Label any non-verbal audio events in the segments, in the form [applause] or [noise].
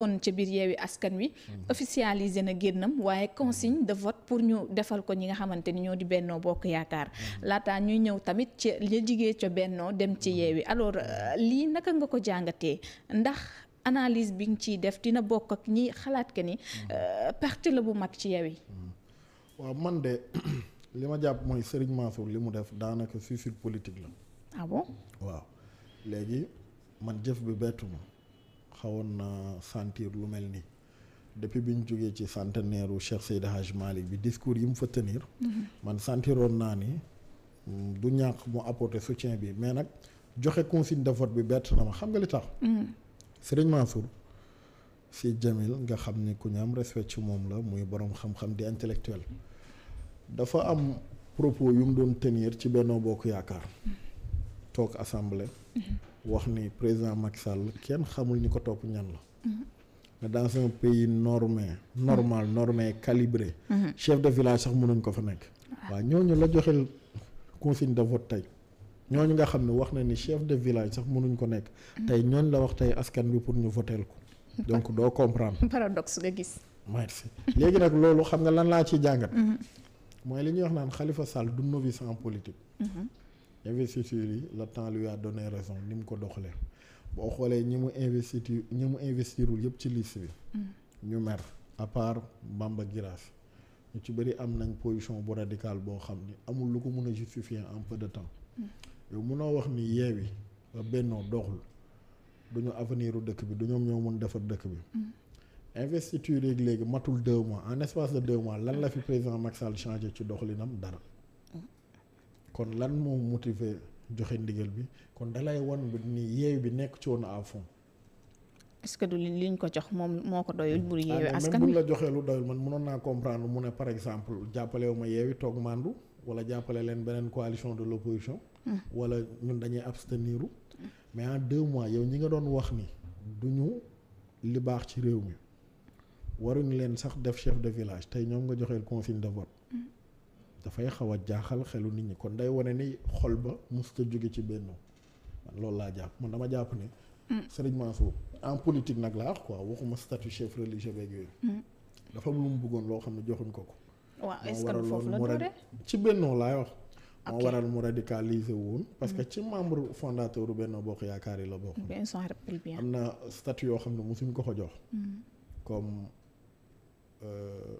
kon ci biir yeewi askan wi mhm. officialisé na génnam waaye mhm. consigne de vote pour ñu defal ko ñi nga xamante ni ñoo di bennoo bokk yaakaar mhm. laata ñuy ñëw tamit ci li jigee ca benno dem ci yeewi alors euh, lii naka nga ko jàngatee ndax analise bi nga ciy def dina bokk ak ñi xalaat ke ni euh, perte la bu mag ci yeewi waaw man de [clears throat] li jàpp mooy Serigne Mansour li mu def daanaka suicide politique la ah waaw léegi man jëf bi bettu ma xawoon na sentir lu mel nii depuis bi ñu jógee ci centenaire u Cheikh Seydi Hadj Malick bi discours yi mu fa tenir mhm. man sentiroon naa ni mm, du ñàkk mu apporter soutien bi mais nag joxe consigne de vote bi bett na ma xam nga li tax. Mhm. Serigne Mansour si Jamil nga xam ni ku ñu am respect ci moom la muy boroom xam-xam di intellectuel dafa am propos yu mu doon tenir ci Benno Bokk Yaakaar mhm. toog assemblée. wax ni président Macky Sall kenn xamul ñu ko topp ñan la. Mm-hmm. mais dans un pays normé normal mm-hmm. normé calibré. Mm-hmm. chef de village sax mënuñ ko fa nekk. waaw ñooñu la joxel consigne de vote tey ñooñu nga xam ne wax na ni chef de village sax mënuñ ko nekk. tey ñooñu la wax tey askan bi pour ñu voteel ko. donc [laughs] doo comprendre. paradoxe nga gis. léegi nag loolu xam nga lan laa ciy jàngat. mooy li ñuy wax naan Khalifa Sall du novice en politique. investiture yi le temps lui a donné raison ni mu ko doxalee boo xoolee ñi mu investiture ñi mu investirul yëpp ci liste bi. Mm. ñu mer à part Bamba Giras ñu ci bëri am nañ position bu radicale boo xam ni amul lu ko mun a justifier en peu de temps. Mm. yow mënoo wax ni yeewi ba bennoo doxul du ñu avenir dëkk bi du ñoom ñoo mun defar dëkk bi. Mm. investiture yeeg léegi matul deux mois en espace de deux mois lan la fi président Macky Sall changé ci doxalinam dara. kon lan moo motiver joxe ndigal bi kon dalay wan ni yeew bi nekk ci woon à fond. est-ce que du liñ ko jox moom moo ko doyul. bur yeewee ah askan même bu la joxee lu doyul man mënoon naa comprendre mu ne par exemple jàppale wu ma yeewi toog mandu wala jàppale leen beneen coalition de l'opposition. Hmm. wala ñun dañuy abstenir. mais en deux mois yow ñi nga doon wax ni duñu li baax ci réew mi waruñu leen sax def chef de village tey ñoom nga joxee confine de vote. dafay xaw a jaaxal xelu nit ñi kon day wane ni xol ba musta jóge ci benn loolu laa jàpp man dama jàpp ne. Mm. Serigne Mansour en politique nag laa wax quoi waxuma statut chef religieux beeg yooyu. Mm. loo xam ne joxuñ ko ko. waaw est-ce que foofu la doore ci bennoo laay wax. moo parce que mm. ci membre fondateur bu Benno Bokk Yaakaar yi la bokk. am na statut yoo xam ne mosuñ ko ko jox. comme. Euh,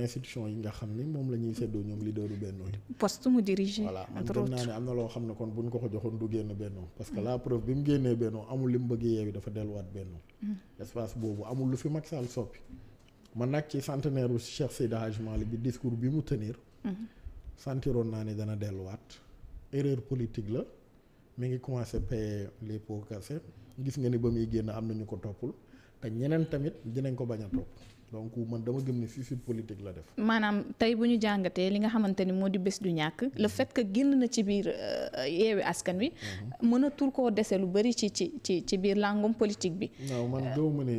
institution yi nga xam ni moom la ñuy seddoo ñoom leaderu Benno yi. poste mu dirigé. voilà man gëm naa ne am na loo xam ne kon buñ ko ko joxoon du génn Benno parce que la preuve bi mu génnee Benno amul li mu bëgg Yewwi dafa delluwaat Benno mm. espace boobu amul lu fi mag Sall soppi. man nag ci centenaire u Cheikh Seydi Hadj Malick bi discours bi mu tenir. Mm-hmm. santiroon naa ne dana delluwaat. erreur politique la mi ngi commencé payer les pots cassés gis nga ni ba muy génn am na ñu ko toppul. te ñeneen tamit dinañ ko bañ a topp donc man dama gëm ne suicide politique la def. maanaam tey bu ñu jàngatee li nga xamante ni moo di bés du ñàkk la mhm. fait que génn na ci biir euh, yeewi askan wi. Mhm. mënatul koo dese lu bari ci ci ci ci biir langum politique bi. waaw man doo ma ne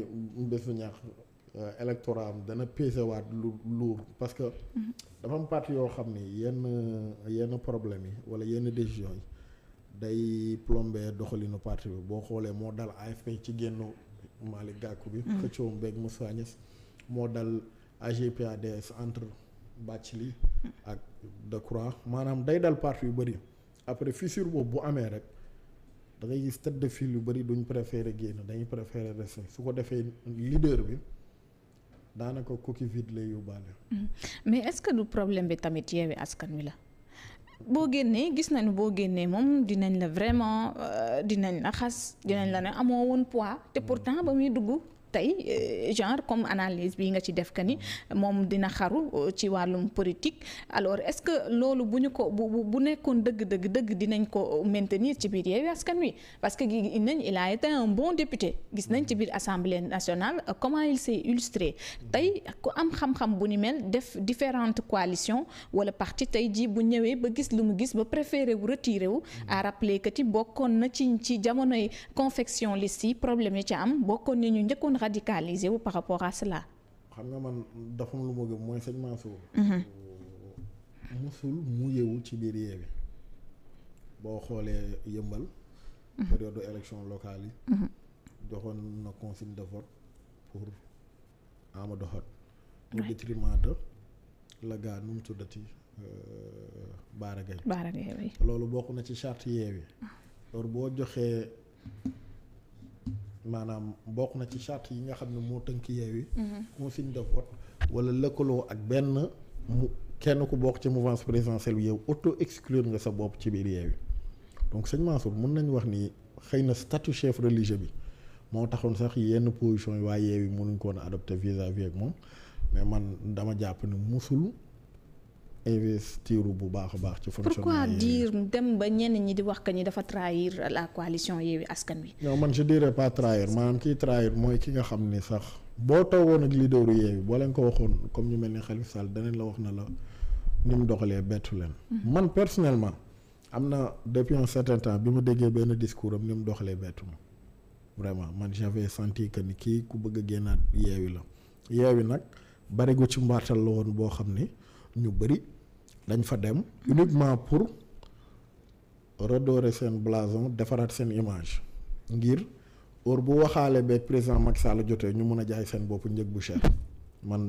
bés du ñàkk euh, électorat am dana pesewaat lu luur parce que. Mhm. dafa am parti yoo xam ni yenn yenn problème yi wala yenn décision yi day plombé doxalinu parti bi boo xoolee moo dal AFP ci génn. Malick Gakou bi xëccoom beeg Moussa Niass moo dal AGPADS entre Bathily ak Decroix maanaam day dal parti yu bëri après fissure boobu bu amee rek dangay ngay gis tête de file yu bëri duñ préféré génn dañuy préféré rester su ko defee leader bi daanaka coquille vide lay yóbbaale mm-hmm. mais est du problème bi tamit yeewi askan wi la boo génnee gis nañu boo génnee moom dinañ la vraiment euh, dinañ la xas dinañ la ne amoo woon poids te pourtant ba muy dugg tey euh, genre comme analyse bi nga ci def ka ni moom dina xaru euh, ci wàllum politique alors est-ce que loolu bu ñu ko bu bu nekkoon dëgg-dëgg dëgg dinañ ko maintenir ci biir Yewwi Askan Wi parce que gis nañ il a été un bon député gis nañ ci biir nationale euh, comment il s'est illustré tey ku am xam-xam bu ni mel def différentes coalitions wala parti tey jii bu ñëwee ba gis lu mu gis ba préféré wu retiré wu à rappeler que bokkoon na ci ci jamonoy confection liste yi problème yi ci am bokkoon na ñu njëkkoon radicaliser wu par rapport xam nga man dafa lu ma gëm mooy sëñ Mansour. Mhm. mu yeewu ci biir yeewi boo xoolee yëmbal. Mhm. période élection locale yi. Mhm. joxoon na consigne de pour Amadou Hott. au détriment la gaa nu mu tuddati euh, Baara Gaye. Baara loolu bokk na ci charte yeewi. Ah. loolu boo joxee maanaam bokk na ci charte yi nga xam ne moo tënk Yewwi consigne mhm. de vote wala lëkkaloo ak benn mu kenn ku bokk ci mouvance présidentielle bi yow auto exclure nga sa bopp ci biir Yewwi donc sëñ Mansour mun nañu wax ni xëy na statut chef religieux bi moo taxoon sax yenn position yi waaye Yewwi mënuñ ko woon a adopté vis à ak moom mais man dama jàpp ne musul investir bu baax a baax. ci fonctionnement pourquoi dire dem ba ñenn ñi di wax que ni dafa trahir la coalition Yewwi Askan Wi. non man je dirais pas trahir maanaam kii trahir mooy ki nga xam ni sax boo toogoon ak leaderu Yewwi boo leen ko waxoon comme ñu mel ni Khalifa Sall danañ la wax na la ni mu doxalee bettu leen. Mhm. man personnellement am na depuis un certain temps bi ma déggee benn discours am ni mu doxalee bettu ma vraiment man j'avais senti que ni kii ku bëgg a génnaat Yewwi la Yewwi nag bari gu ci mbartal la woon boo xam ni ñu bëri. dañ fa dem uniquement pour redorer seen blason defaraat seen image ngir heure bu waxaale beeg président Macky Sall jotee ñu mën a jaay seen bopp njëg bu cher man.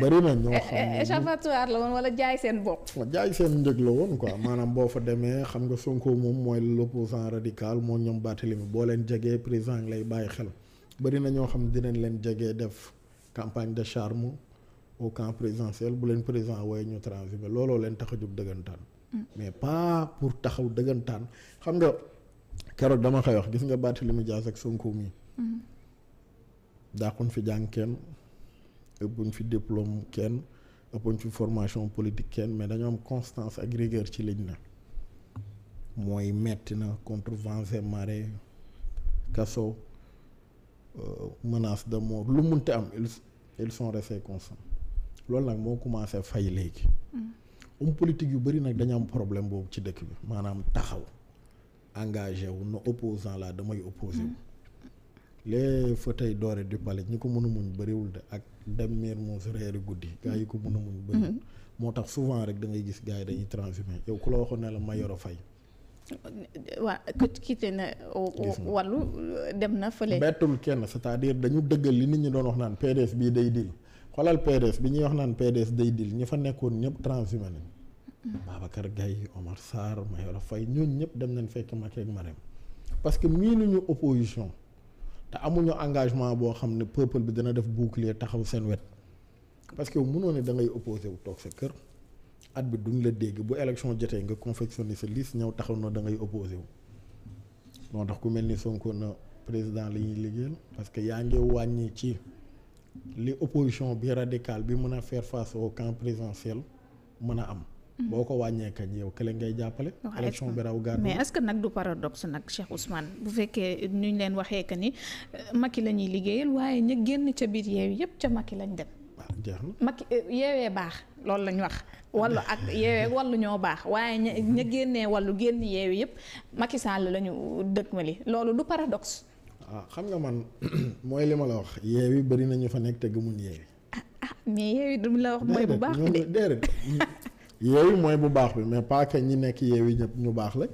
bëri na ñoo eh, xam ne eh, échappatoire la woon wala seen bopp. jaay maanaam boo fa demee xam nga Sonko moom mooy l'opposant radical moo ñoom Barthélémy boo leen jegee président lay bàyyi xel bëri na ñoo xam ne dinañ leen jegee def campagne de charme. au camp présidentiel bu leen président wooye ñu transhumé looloo leen tax a jóg dëggantaan. Mm. mais pas pour taxaw dëggantaan xam nga keroog dama koy wax gis nga Barthélémy Dias ak Sonko mi. Mm-hmm. daaxuñ fi jàng kenn ëppuñ fi diplôme kenn ëppuñ fi formation politique kenn mais dañoo am constance ak ci liñ na mooy metti na contre vents et marées kaso euh, menace de mort lu munte am ils ils son restés constants loolu nag moo commencé fay léegi. homme um politique yu bëri nag dañu am problème boobu ci dëkk bi maanaam taxaw engagé wu na opposant la damay opposé wu. Mm. les fauteuils dorés du palais ñi ko mën a muñ bëriwul de ak dem miir moo fi reeri guddi gars yi ko mën a muñ bëriwul mm-hmm. moo tax souvent rek da ngay gis gars yi dañuy transhumé yow ku la waxoon ne la Mayoro fay waa quitté na wàllu dem na fële bettul kenn c'est-à-dire dañu dëggal li nit ñi doon wax naan PDS bii day dil xoolal PDS bi ñuy wax naan PDS day dil ñi fa nekkoon ñëpp transhumé nañ Babacar Gaye Omar Sarr Mayoro Faye ñooñu ñëpp dem nañ fekk Macky ak Marème parce que miinuñu opposition te amuñu engagement boo xam ne peuple bi dana def bouclier taxaw seen wet parce que mënoo ne da ngay opposé wu toog sa kër at bi duñ la dégg bu élection jotee nga confectionné sa liste ñëw taxaw na da ngay opposé wu moo tax ku mel ni Sonko na président la ñuy liggéeyal parce que yaa ngi wàññi ci li opposition bi radicale bi mën a faire face au camp présidentiel mën a am. Mhm. boo ko wàññee kañ yow kële ngay jàppale. élection bi raw gàddu mais est que nag du paradoxe nag Cheikh Ousmane bu fekkee ñu leen waxee que ni euh, Macky la ñuy liggéeyal waaye ñu génn ca biir yeewi yëpp ca Macky lañ dem. ma ah, jeex euh, baax loolu lañ wax. wallu ak [laughs] yeewee wallu ñoo baax waaye ña ña génnee wallu génn yeewi yëpp Macky Sall la ñu dëgmali loolu du paradoxe. ah xam nga man [clears throat] mooy li ma la wax yeewi bëri na ñu fa nekk te gëmuñ yeewi. ah ah mais yeewi du la wax [laughs] mooy bu baax bi mais pas ñi nekk yeewi ñëpp ñu baax la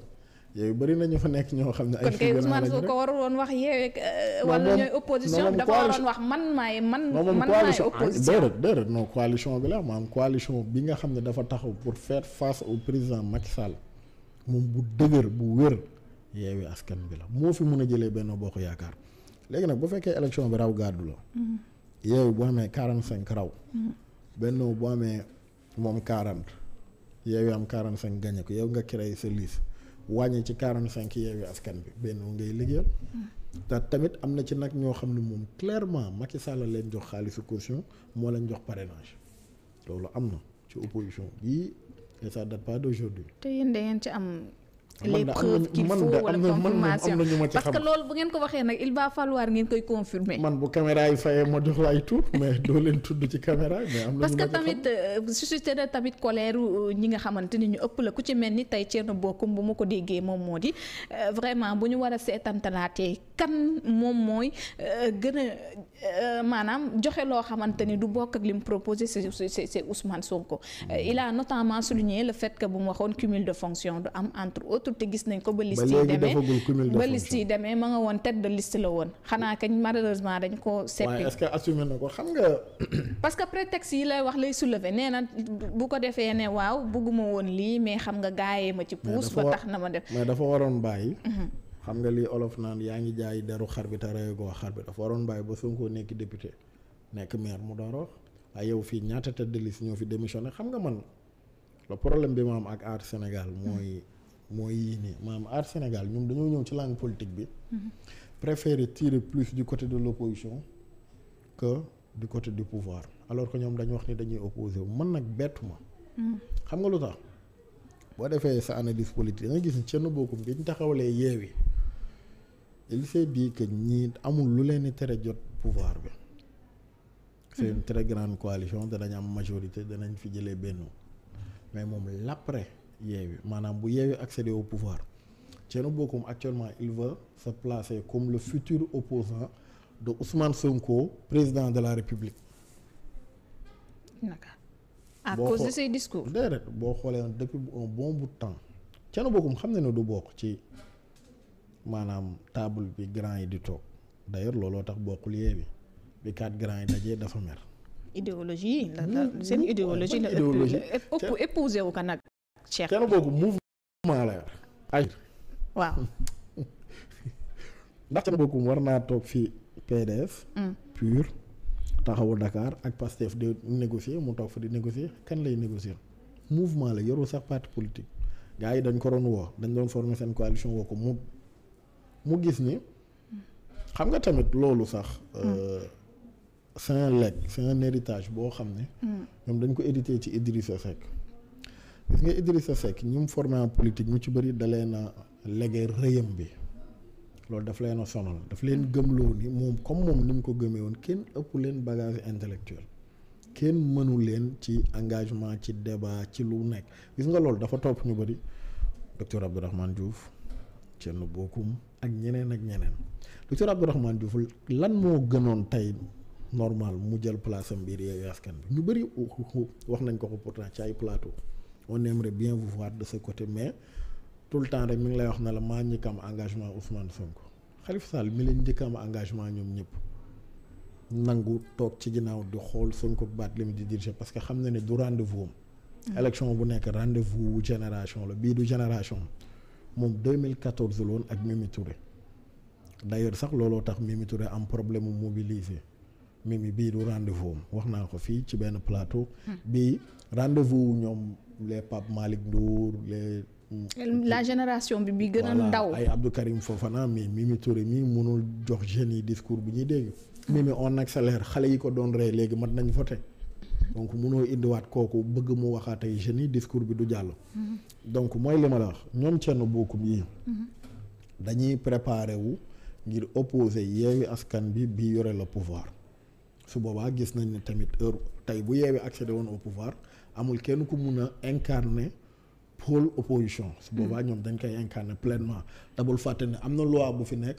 yeewi bëri na ñu fa nekk ñoo xam ne. ay fii gën a ko warul woon wax yeewi euh, wala ñooy opposition dafa waroon wax man maay man. man maay opposition déedéet déedéet non coalition bi la maanaam coalition bi nga xam ne dafa taxaw pour faire face au président Macky Sall moom bu dëgër bu wér. yeewi askan bi la moo fi mun a jëlee benn bokk yaakaar léegi nag bu fekkee élection bi raw gàddu la. Mm-hmm. yeewi bu amee quarante cinq raw. Mm-hmm. benn bu amee moom quarant yeewi am quarant cinq gagné ko yow nga créé sa liste wàññi ci quarante cinq yeewi askan bi benn ngay liggéeyal. Mm-hmm. ta tamit am na ci nag ñoo xam ne moom clairement Macky Sall leen jox xaalisu caution moo leen jox parrainage loolu am na ci opposition bii et ça date pas d'aujourd'hui. te yéen les preuves qu'il faut wala confirmation parce que loolu bu ngeen ko waxee nag il va falloir ngeen koy confirmer. man bu caméra yi fayee ma jox la ay tur mais doo leen tudd ci caméra. mais am na parce que tamit euh, suscité na tamit colère euh, ñi nga xamante ni ñu ëpp la ku ci mel ni tey Thierno Bocoum bu ma ko déggee moom moo di euh, vraiment bu ñu war a seetantalaatee kan moom mooy gën a maanaam joxe loo xamante ni du bokk ak li mu proposé c'est c'est Ousmane Sonko. il a notamment souligné le fait que bu mu waxoon cumul de fonction du am entre autres. jotul te gis nañ ko ba liste yi demee ba liste yi demee ma nga woon tête de la woon xanaa kañ malheureusement dañ ko seppi est-ce que assumé na ko xam nga [coughs] parce que yi lay wax lay soulever nee bu ko defee ne waaw bugguma woon lii mais xam nga gaayee ma ci puus ba tax na ma def mais dafa waroon bàyyi mhm. xam nga lii olof naan yaa ngi jaay deru xar bi te reyagoo xar bi dafa waroon bàyyi ba Sonko nekk député nekk maire mu door waaye yow fii ñaata tête de liste ñoo fi démissionné xam nga man le problème bi ma am ak mooy yii nii maanaam aar Sénégal ñoom dañoo ñëw ci langue politique bi. Mhm. préférer tirer plus du côté de l'opposition que du côté du pouvoir alors que ñoom dañu wax ni dañuy opposé wu man nag bettu ma. Mhm. xam nga lu tax boo defee sa analyse politique da nga gis ni cenn bokkum bi ñu taxawalee yeewi il s'est dit que ñii amul lu leen di tere jot pouvoir bi. c'est mhm. une très grande coalition danañ am majorité danañ fi jëlee benn mais moom l'après. Yewwi maanaam bu Yewwi accéder au pouvoir Thierno bokkum actuellement il veut se placer comme le futur opposant de Ousmane Sonko président de la République. naka à cause de ses boo xoolee depuis un bon bout de temps Thierno Bocoum xam na ne du bokk ci maanaam table bi grand yi di toog d'ailleurs looloo tax bokkul Yewwi bi quatre grands yi dajee dafa mer. idéologie la la seen idéologie la ëpp épousé wu ko nag. Cheikh kenn googu mouvement la yor agir waaw [laughs] ndax kenn googu war naa toog fi PDS mm. pur taxawu Dakar ak Pastef di négocier mu toog fa di négocier kan lay négocier mouvement la yorul sax parti politique gaa yi dañ ko doon woo dañ doon former seen coalition woo ko mu mu gis ni xam nga tamit loolu sax mm. euh, c'est un legs c'est héritage boo xam ne mm. ñoom dañ ko hérité ci Idrissa Seck gis nga Idrissa Seck ñi mu formé en politique ñu ci bëri da leen a légué rëyam bi loolu daf leen a sonal daf leen gëmloo ni moom comme moom ni mu ko gëmee woon kenn ëpp leen bagage intellectuel kenn mënu leen ci engagement ci débat ci lu nekk gis nga loolu dafa topp ñu bëri docteur Abdourahmane Diouf Thierno Bocoum ak ñeneen ak ñeneen docteur Abdourahmane Diouf lan moo gënoon tey normal mu jël place mbir biir Yewwi Askan Wi ñu bëri wax nañ ko ko pourtant ci ay plateau on aimerait bien vous voir de ce côté mais tout le temps rek mi ngi lay wax na la maa njëkk am engagement Ousmane Sonko Khalifa Sall mi leen njëkk am engagement ñoom ñëpp nangu toog ci ginnaaw di xool Sonko baat li mu di diriger parce que xam na ne du rendez-vous mm. bu nekk rendez-vous génération la bii du génération moom 2014 la woon ak Mimi Touré d'ailleurs sax looloo tax Mimi Touré am problème mu mobiliser Mimi bii du rendez-vous am wax naa ko fii ci benn plateau. Mm. bii rendez-vous ñoom les Pape Malick Ndour les. la mm. génération bi bi gën a ndaw. ay Abdou Karim Fofana mais Mimi Touré mii mënul jox jeunes yi discours bu ñuy dégg. mais on accélère xale yi ko doon rey léegi mat nañ voté donc mënoo indiwaat kooku bëgg mu waxaat ay jeunes yi discours bi du jàll. Mm-hmm. donc mooy li ma la wax ñoom Thierno Bocoum yi mm-hmm. dañuy préparer wu ngir opposer yeewi askan bi bi yore le pouvoir su boobaa gis nañ ne tamit heure tey bu yeewi accédé woon au pouvoir. amul kenn ku mun a incarner pôle opposition. su boobaa ñoom dañ koy incarner pleinement te bul fàtte ne am na loi bu fi nekk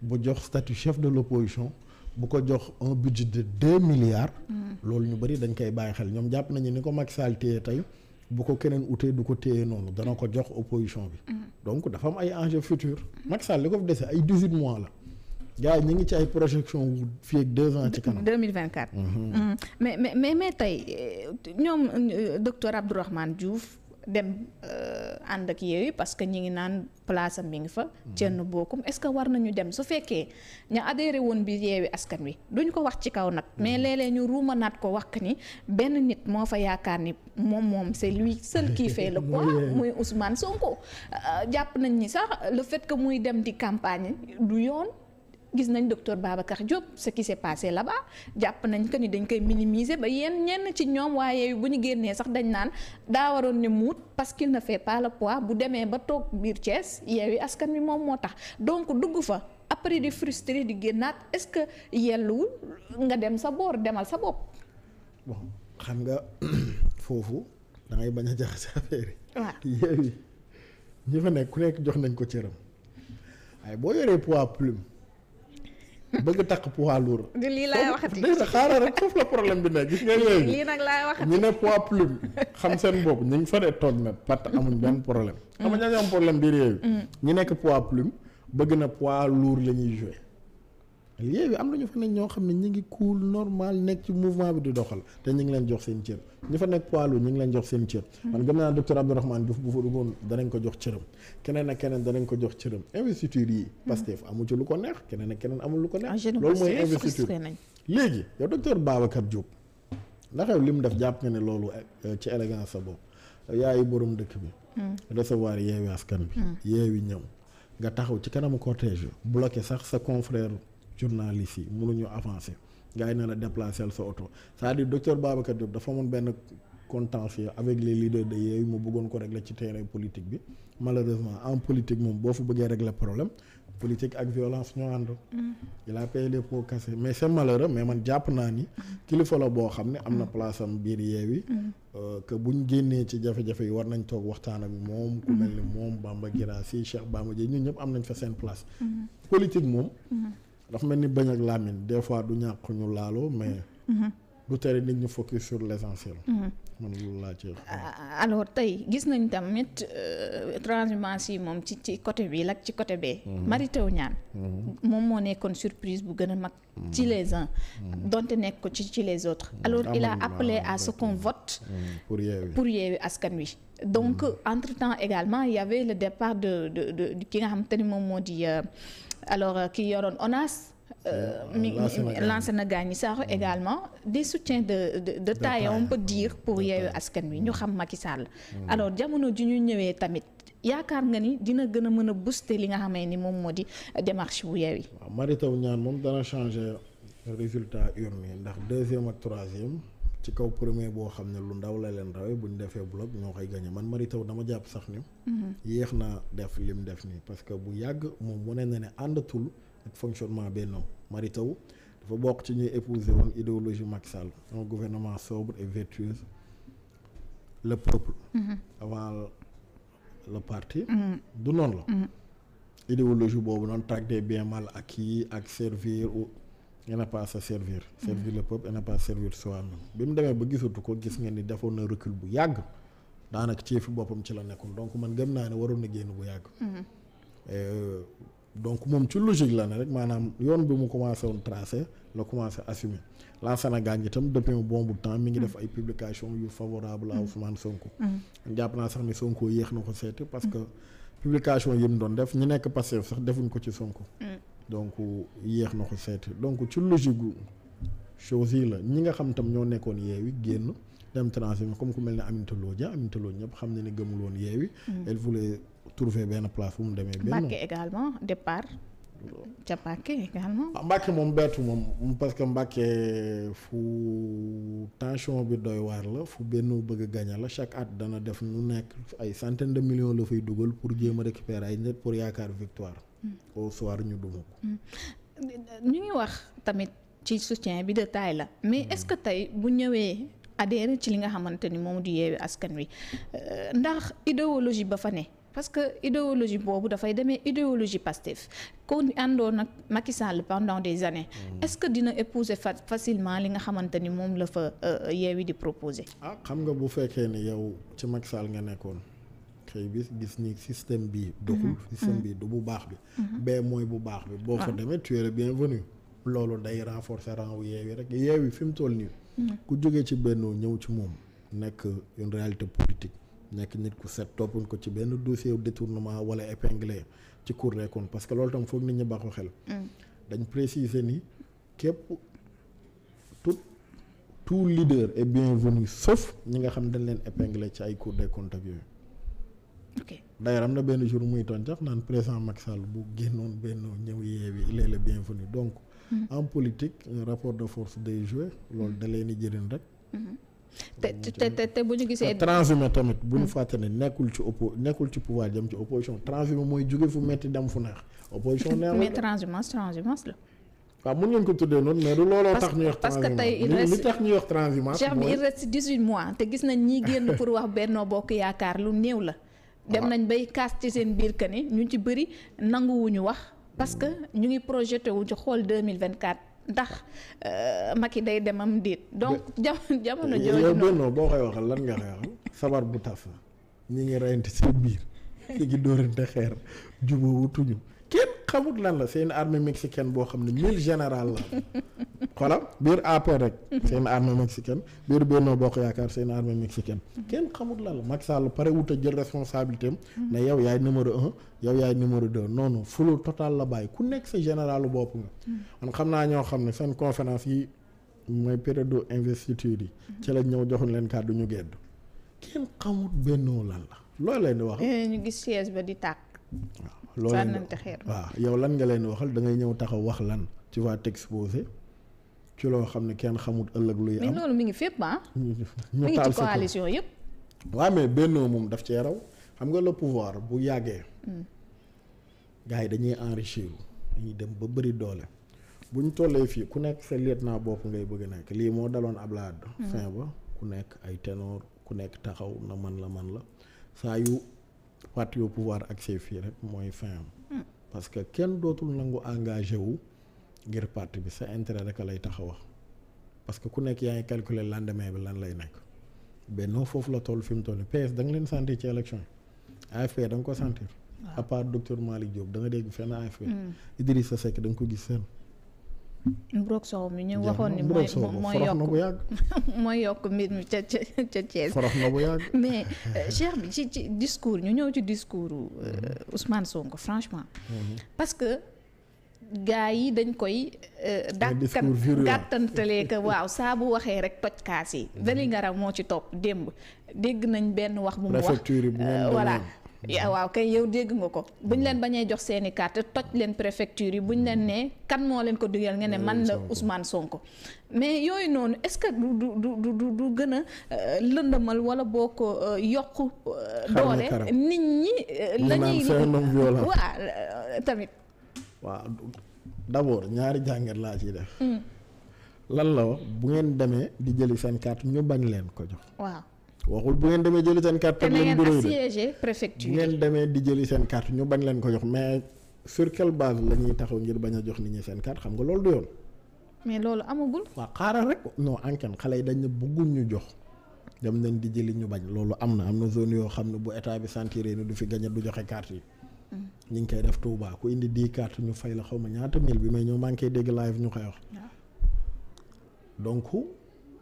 bu jox statut chef de l' opposition bu ko jox un budget de deux milliards. Mm. loolu ñu bëri dañ koy bàyyi xel ñoom jàpp nañu ni ko Macky téye tey. bu ko keneen utee du ko téye noonu dana ko jox opposition bi. Mm. donc dafa am ay enjeux future Macky Sall li ko fi dese ay 18 mois la. gars yi ñu ngi ci ay projection wu fii ak deux ans ci kanam. deux mille vingt quatre. Mm-hmm. mais mais mais mais tey euh, ñoom euh, docteur Abdourahmane Diouf dem euh, ànd ak yooyu parce que ñi ngi naan place am mi ngi fa. Mm-hmm. cenn bokkum est-ce que war nañu dem su fekkee ña adhéré woon bi yeewi askan wi duñ ko wax ci kaw nag. Mm-hmm. mais léeg-léeg ñu ruuma naat ko wax ni benn nit moo fa yaakaar ni moom moom c'est lui seul qui fait le [laughs] poids muy Ousmane Sonko. jàpp nañ ni sax le fait que muy dem di campagne du yoon. gis nañ docteur Babacar Diop ce qui s'est passé là jàpp nañ que ni dañ koy minimiser ba yenn ñenn ci ñoom waaye bu ñu génnee sax dañ naan daa waroon ne muut parce qu'il ne fait pas le bu demee ba toog biir Thiès yeewi askan wi moom moo tax donc dugg fa après di frustré di génnaat est-ce que yelluwul nga dem sa boor demal sa bopp. bon xam nga [clears throat] foofu da ngay bañ a jaxase affaire yi. yeewi ñi fa nekk ku nekk jox nañ ko cëram waaye boo yoree poids plume. bëgg takk poids lourd. lii laay waxati foofu xaaral rek foofu la problème bi nekk gis nga yooyu. lii nag laay waxati ñu ne poids plume xam seen bopp ñu ngi fa dee toog na pat amuñ benn problème. Mm. xam nga ñoo am problème bi réew. Mm. ñu nekk poids plume bëgg na pois lour la ñuy Yewwi am na ñu fa nekk ñoo xam ne ñu ngi cool normal nekk ci mouvement bi di doxal te ñu ngi leen jox seen cër ñu fa nekk poids lourd ñu ngi leen jox seen cër. man gëm naa docteur Abdourahmane Diouf bu fa duggoon danañ ko jox cëram keneen ak keneen danañ ko jox cëram investiture yi. Pastef hmm. amu ci lu ko neex keneen ak keneen amul lu ko neex. Ah, loolu mooy investiture léegi yow docteur Babacar Diop ndax li mu def jàpp nga ne loolu euh, ci élégance sa bopp yaayu borom dëkk bi. Hmm. recevoir Yewwi bi. Hmm. Yewwi ñëw taxaw ci kanamu cortège bloqué sax sa confrère journaliste yi mënuñu avancer gars yi na la déplacer sa oto c'est-à-dire docteur Babacar Diop dafa amoon benn contentieux avec les leaders de Yewwi mu bëggoon ko régler ci terrain politique bi malheureusement en politique moom boo fa bëggee régler problème politique ak violence ñoo ànd. Mm-hmm. il la payé les pots cassés mais c'est malheureux mais man jàpp naa ni. Mm-hmm. kilifa la boo xam ne am na mm-hmm. place am biir Yewwi. Euh, que buñ génnee ci jafe-jafe yi war nañ toog waxtaan ak moom. ku mel ni moom Bamba Girassi Cheikh Bamba Dièye ñun ñëpp am nañ fa seen place. dafa mel ni bañ ak làmmiñ des fois du ñàkk ñu laaloo mais. Mhm. du tere nit ñu focus sur l'essentiel. Mhm. man loolu laa ci ah, alors tey gis nañ tamit euh, transhumance yi moom ci ci côté bi lak ci côté bee. Mhm. Mary Teuw moom moo nekkoon surprise bu gën a mag. ci les uns. donte nekk ko ci ci les autres. alors il a appelé à ce qu'on vote. pour yeewi pour yeewi askan wi. donc entre-temps également il y avait le départ de de de ki nga xamante ni moom moo di euh, alors euh, ki yoroon ONAS. Euh, lancé na Gagny Sakho mm-hmm. également des soutiens de de de taille on peut dire pour yeewu askan wi ñu xam mm-hmm. Macky Sall. Mm-hmm. alors jamono ji ñuy ñëwee tamit yaakaar nga ni dina gën a mën a booster li nga xamee ni moom moo di démarche bu yeewi. waaw Mary Teuw moom dana changer résultat urne ndax deuxième ak troisième. ci kaw premier boo xam ne lu ndaw la leen rawee bu ñu defee blog ñoo koy gagné man Mary Teuw dama jàpp sax ni. yéex na def lim def nii parce que bu yàgg moom wane na ne àndatul ak fonctionnement Benno Mary Teuw dafa bokk ci ñuy épouser woon idéologie Macky Sall un gouvernement sobre et vertueux le peuple. avant le parti. Mm-hmm. du noonu la. Mm-hmm. idéologie boobu noonu tag des biens mal acquis ak servir ou. et ne pas servir. Mm-hmm. servir le peuple et ne pas servir soi bi mu demee ba gisatu ko gis ngeen ni defoon na recul bu yàgg daanaka ci fi boppam ci la nekkoon donc man gëm naa ne waroon na génn bu yàgg. Mm-hmm. Euh, donc moom ci logique la ne rek maanaam yoon bi mu commencé woon tracé la commencé assumer Lansana Gagny itam depuis un bon bout de temps mi ngi def mm-hmm. ay publication yu favorable à Ousmane Sonko. jàpp naa sax ni Sonko yéex na ko seeti parce que publication yi mu doon def ñi nekk Pastef sax defuñ ko ci Sonko. donc yéex na ko seet donc ci logique gu chose yi la ñi nga xam tam ñoo nekkoon yeewi génn dem transfert comme ku mel ni Aminata ja Dia Aminata xam ne ni gëmul woon yeewi. Mm. elle voulait trouver fu mu demee. benn Mbacke également départ. ca Mbacke également. Ah, Mbacke moom beetu moom parce que Mbacke fu tension bi doy waar la fu benn bëgg a gaña la chaque at dana def nu nekk ay centaine de millions la fay dugal pour jéem a récupérer ay nit pour yaakaar victoire. au soir ñu duma ko mm. ñu ngi wax tamit ci soutien bi de taille la mais mm. est-ce que tey bu ñëwee adhéré ci li nga xamante ni moom di yeewi askan wi euh, ndax idéologie ba fa ne parce que idéologie boobu dafay demee idéologie Pastef ko àndoon nag Macky Sall pendant des années mm. est-ce que dina épouser facilement li nga xamante ni moom la fa euh, yeewi di proposer ah, xam nga bu fekkee ni yow ci Macky Sall nga nekkoon xëy bi gis ni système bi doxul mm-hmm. système bi mm-hmm. du bu baax bi mm-hmm. bee mooy bu baax bi boo ko ah. demee tu es le loolu day renforcer rang wu yeewi rek yeewi fi mu toll nii ku jógee ci benn ñëw ci moom nekk une réalité politique nekk nit ku set toppuñ ko ci benn dossier détournement wala épinglé ci cour des comptes parce que loolu tam foog nit ñi baaxu xel mm. dañ préciser ni képp tout tout leader est bienvenu sauf ñi nga xam dañ leen épinglé ci ay cour de comptes ak ok am na benn jour muy toon sax naan président Macky Sall bu génnoon benn ñëw yeewi il est le bienvenu donc. Mhm. en politique rapport de force day joué lool da leen di jëriñ rek. Mhm. te te te bu ñu gisee. transhumé tamit bu ñu mhm. fàtte ne nekkul ci oppo nekkul ci pouvoir jëm ci opposition transhumé mooy jóge fu metti dem fu neex. opposition neex mais transhumance transhumance la. waaw mën ngeen ko tuddee noonu mais looloo tax ñuy wax parce que tey il reste li tax ñuy wax transhumance. mooy il reste te gis nañ ñi génn pour wax Benno Bokk Yaakaar lu néew la. dem nañ bay kaas ci seen biir que ni ñu ci bëri nanguwuñu wax parce que ñu ngi projeté wu ci xool 2024 ndax euh, yi day demam déet donc jamono jooju yow boo koy waxal lan nga koy waxal sabar bu taf ñi ngi reyante seen biir ñu ngi dóorante xeer jubóowutuñu kenn xamut lan la seen armée mexicaine boo xam ne mille général la xoolal biir APR rek seen armée mexicaine biir Benno Bokk Yaakaar seen armée mexicaine kenn xamut lan la Macky Sall pare wut a jël responsabilité am ne yow yaay numéro un yow yaay numéro deux non non fulul total la bàyyi ku nekk sa généralu bopp nga man xam naa ñoo xam ne seen conférence yi mooy période investiture yi ci la ñëw joxuñ leen kàddu ñu gedd kenn xamut bennoo lan la loolu leen di wax eh, ñu gis chaise di tàkk loolu waaw yow lan nga leen waxal dangay ñëw taxaw wax lan ci vas t'exposer ci loo xam ne kenn xamut ëllëg luy am mais mi ngi fépp ah. [laughs] ñu taal ci coalition yëpp. waaw mais Benno moom daf cee raw xam nga le pouvoir bu yàggee. Hmm. gars yi dañuy enrichir dañuy dem ba bari doole. buñ ñu tollee fii ku nekk sa lieutenant bopp ngay bëgg nekk lii moo daloon Ablaye hmm. fin ba ku nekk ay ténor ku nekk taxaw na man la man la saa yu parti au pouvoir accès fii rek mooy fin am hmm. parce que kenn dootul nangu engagé wu ngir parti bi sa intérêt rek a lay tax wax parce que ku nekk yaa ngi calculer lendemain bi lan lay nekk Benno foofu la toll fi mu toll PS da leen sentir ci élection yi AFP da nga ko sentir hmm. à part docteur Malick Diop da nga dégg fenn AFP hmm. Idrissa Seck da nga ko gis seen Mburok Sow mi ñu waxoon ni mooy mooy yokk [laughs] mooy yokk mbir mi ca ca ca Thiès na bu yàgg [laughs] mais euh, Cheikh bi ci ci discours ñu ñëw ci discours euh, Ousmane Sonko franchement mhm. parce que gaa yi dañ koy euh, dàkkan gàttantalee que waaw saa bu waxee rek toj kaas yi mhm. Vélingara moo ci topp démb dégg nañ benn wax bu mu wax voilà Ah, waaw kay yow dégg nga ko buñ leen bañee jox seeni carte toj leen préfecture yi buñ leen nee kan moo leen ko digal nga ne man la Ousmane Sonko mais yooyu noonu est-ce que du du du du du gën a euh, lëndëmal wala boo ko euh, yokk euh, doole nit ñi lañuy waa tamit waaw d'abord ñaari jàngat laa ciy def mm. lan la bu ngeen demee di jëli seen carte ñu bañ leen ko jox waaw waxul bu ngeen demee jëli seen carte. te na ngeen assiégé préfecture bu ngeen demee di jëli seen kart ñu bañ leen ko jox mais sur quelle base la ñuy taxaw ngir bañ a jox nit ñi seen carte xam nga loolu du yoon. mais loolu amagul. waaw xaaral rek non enquête xale yi dañ ne bëgguñ ñu jox dem nañ di jëli ñu bañ loolu am na am na zone yoo xam ne bu état bi sentiré ni du fi gañe du joxe carte yi. Mm. ñu ngi koy def Touba ku indi dix carte ñu fay la xaw ma ñaata mil bi may ñëw maa ngi koy dégg live ñu koy wax. donc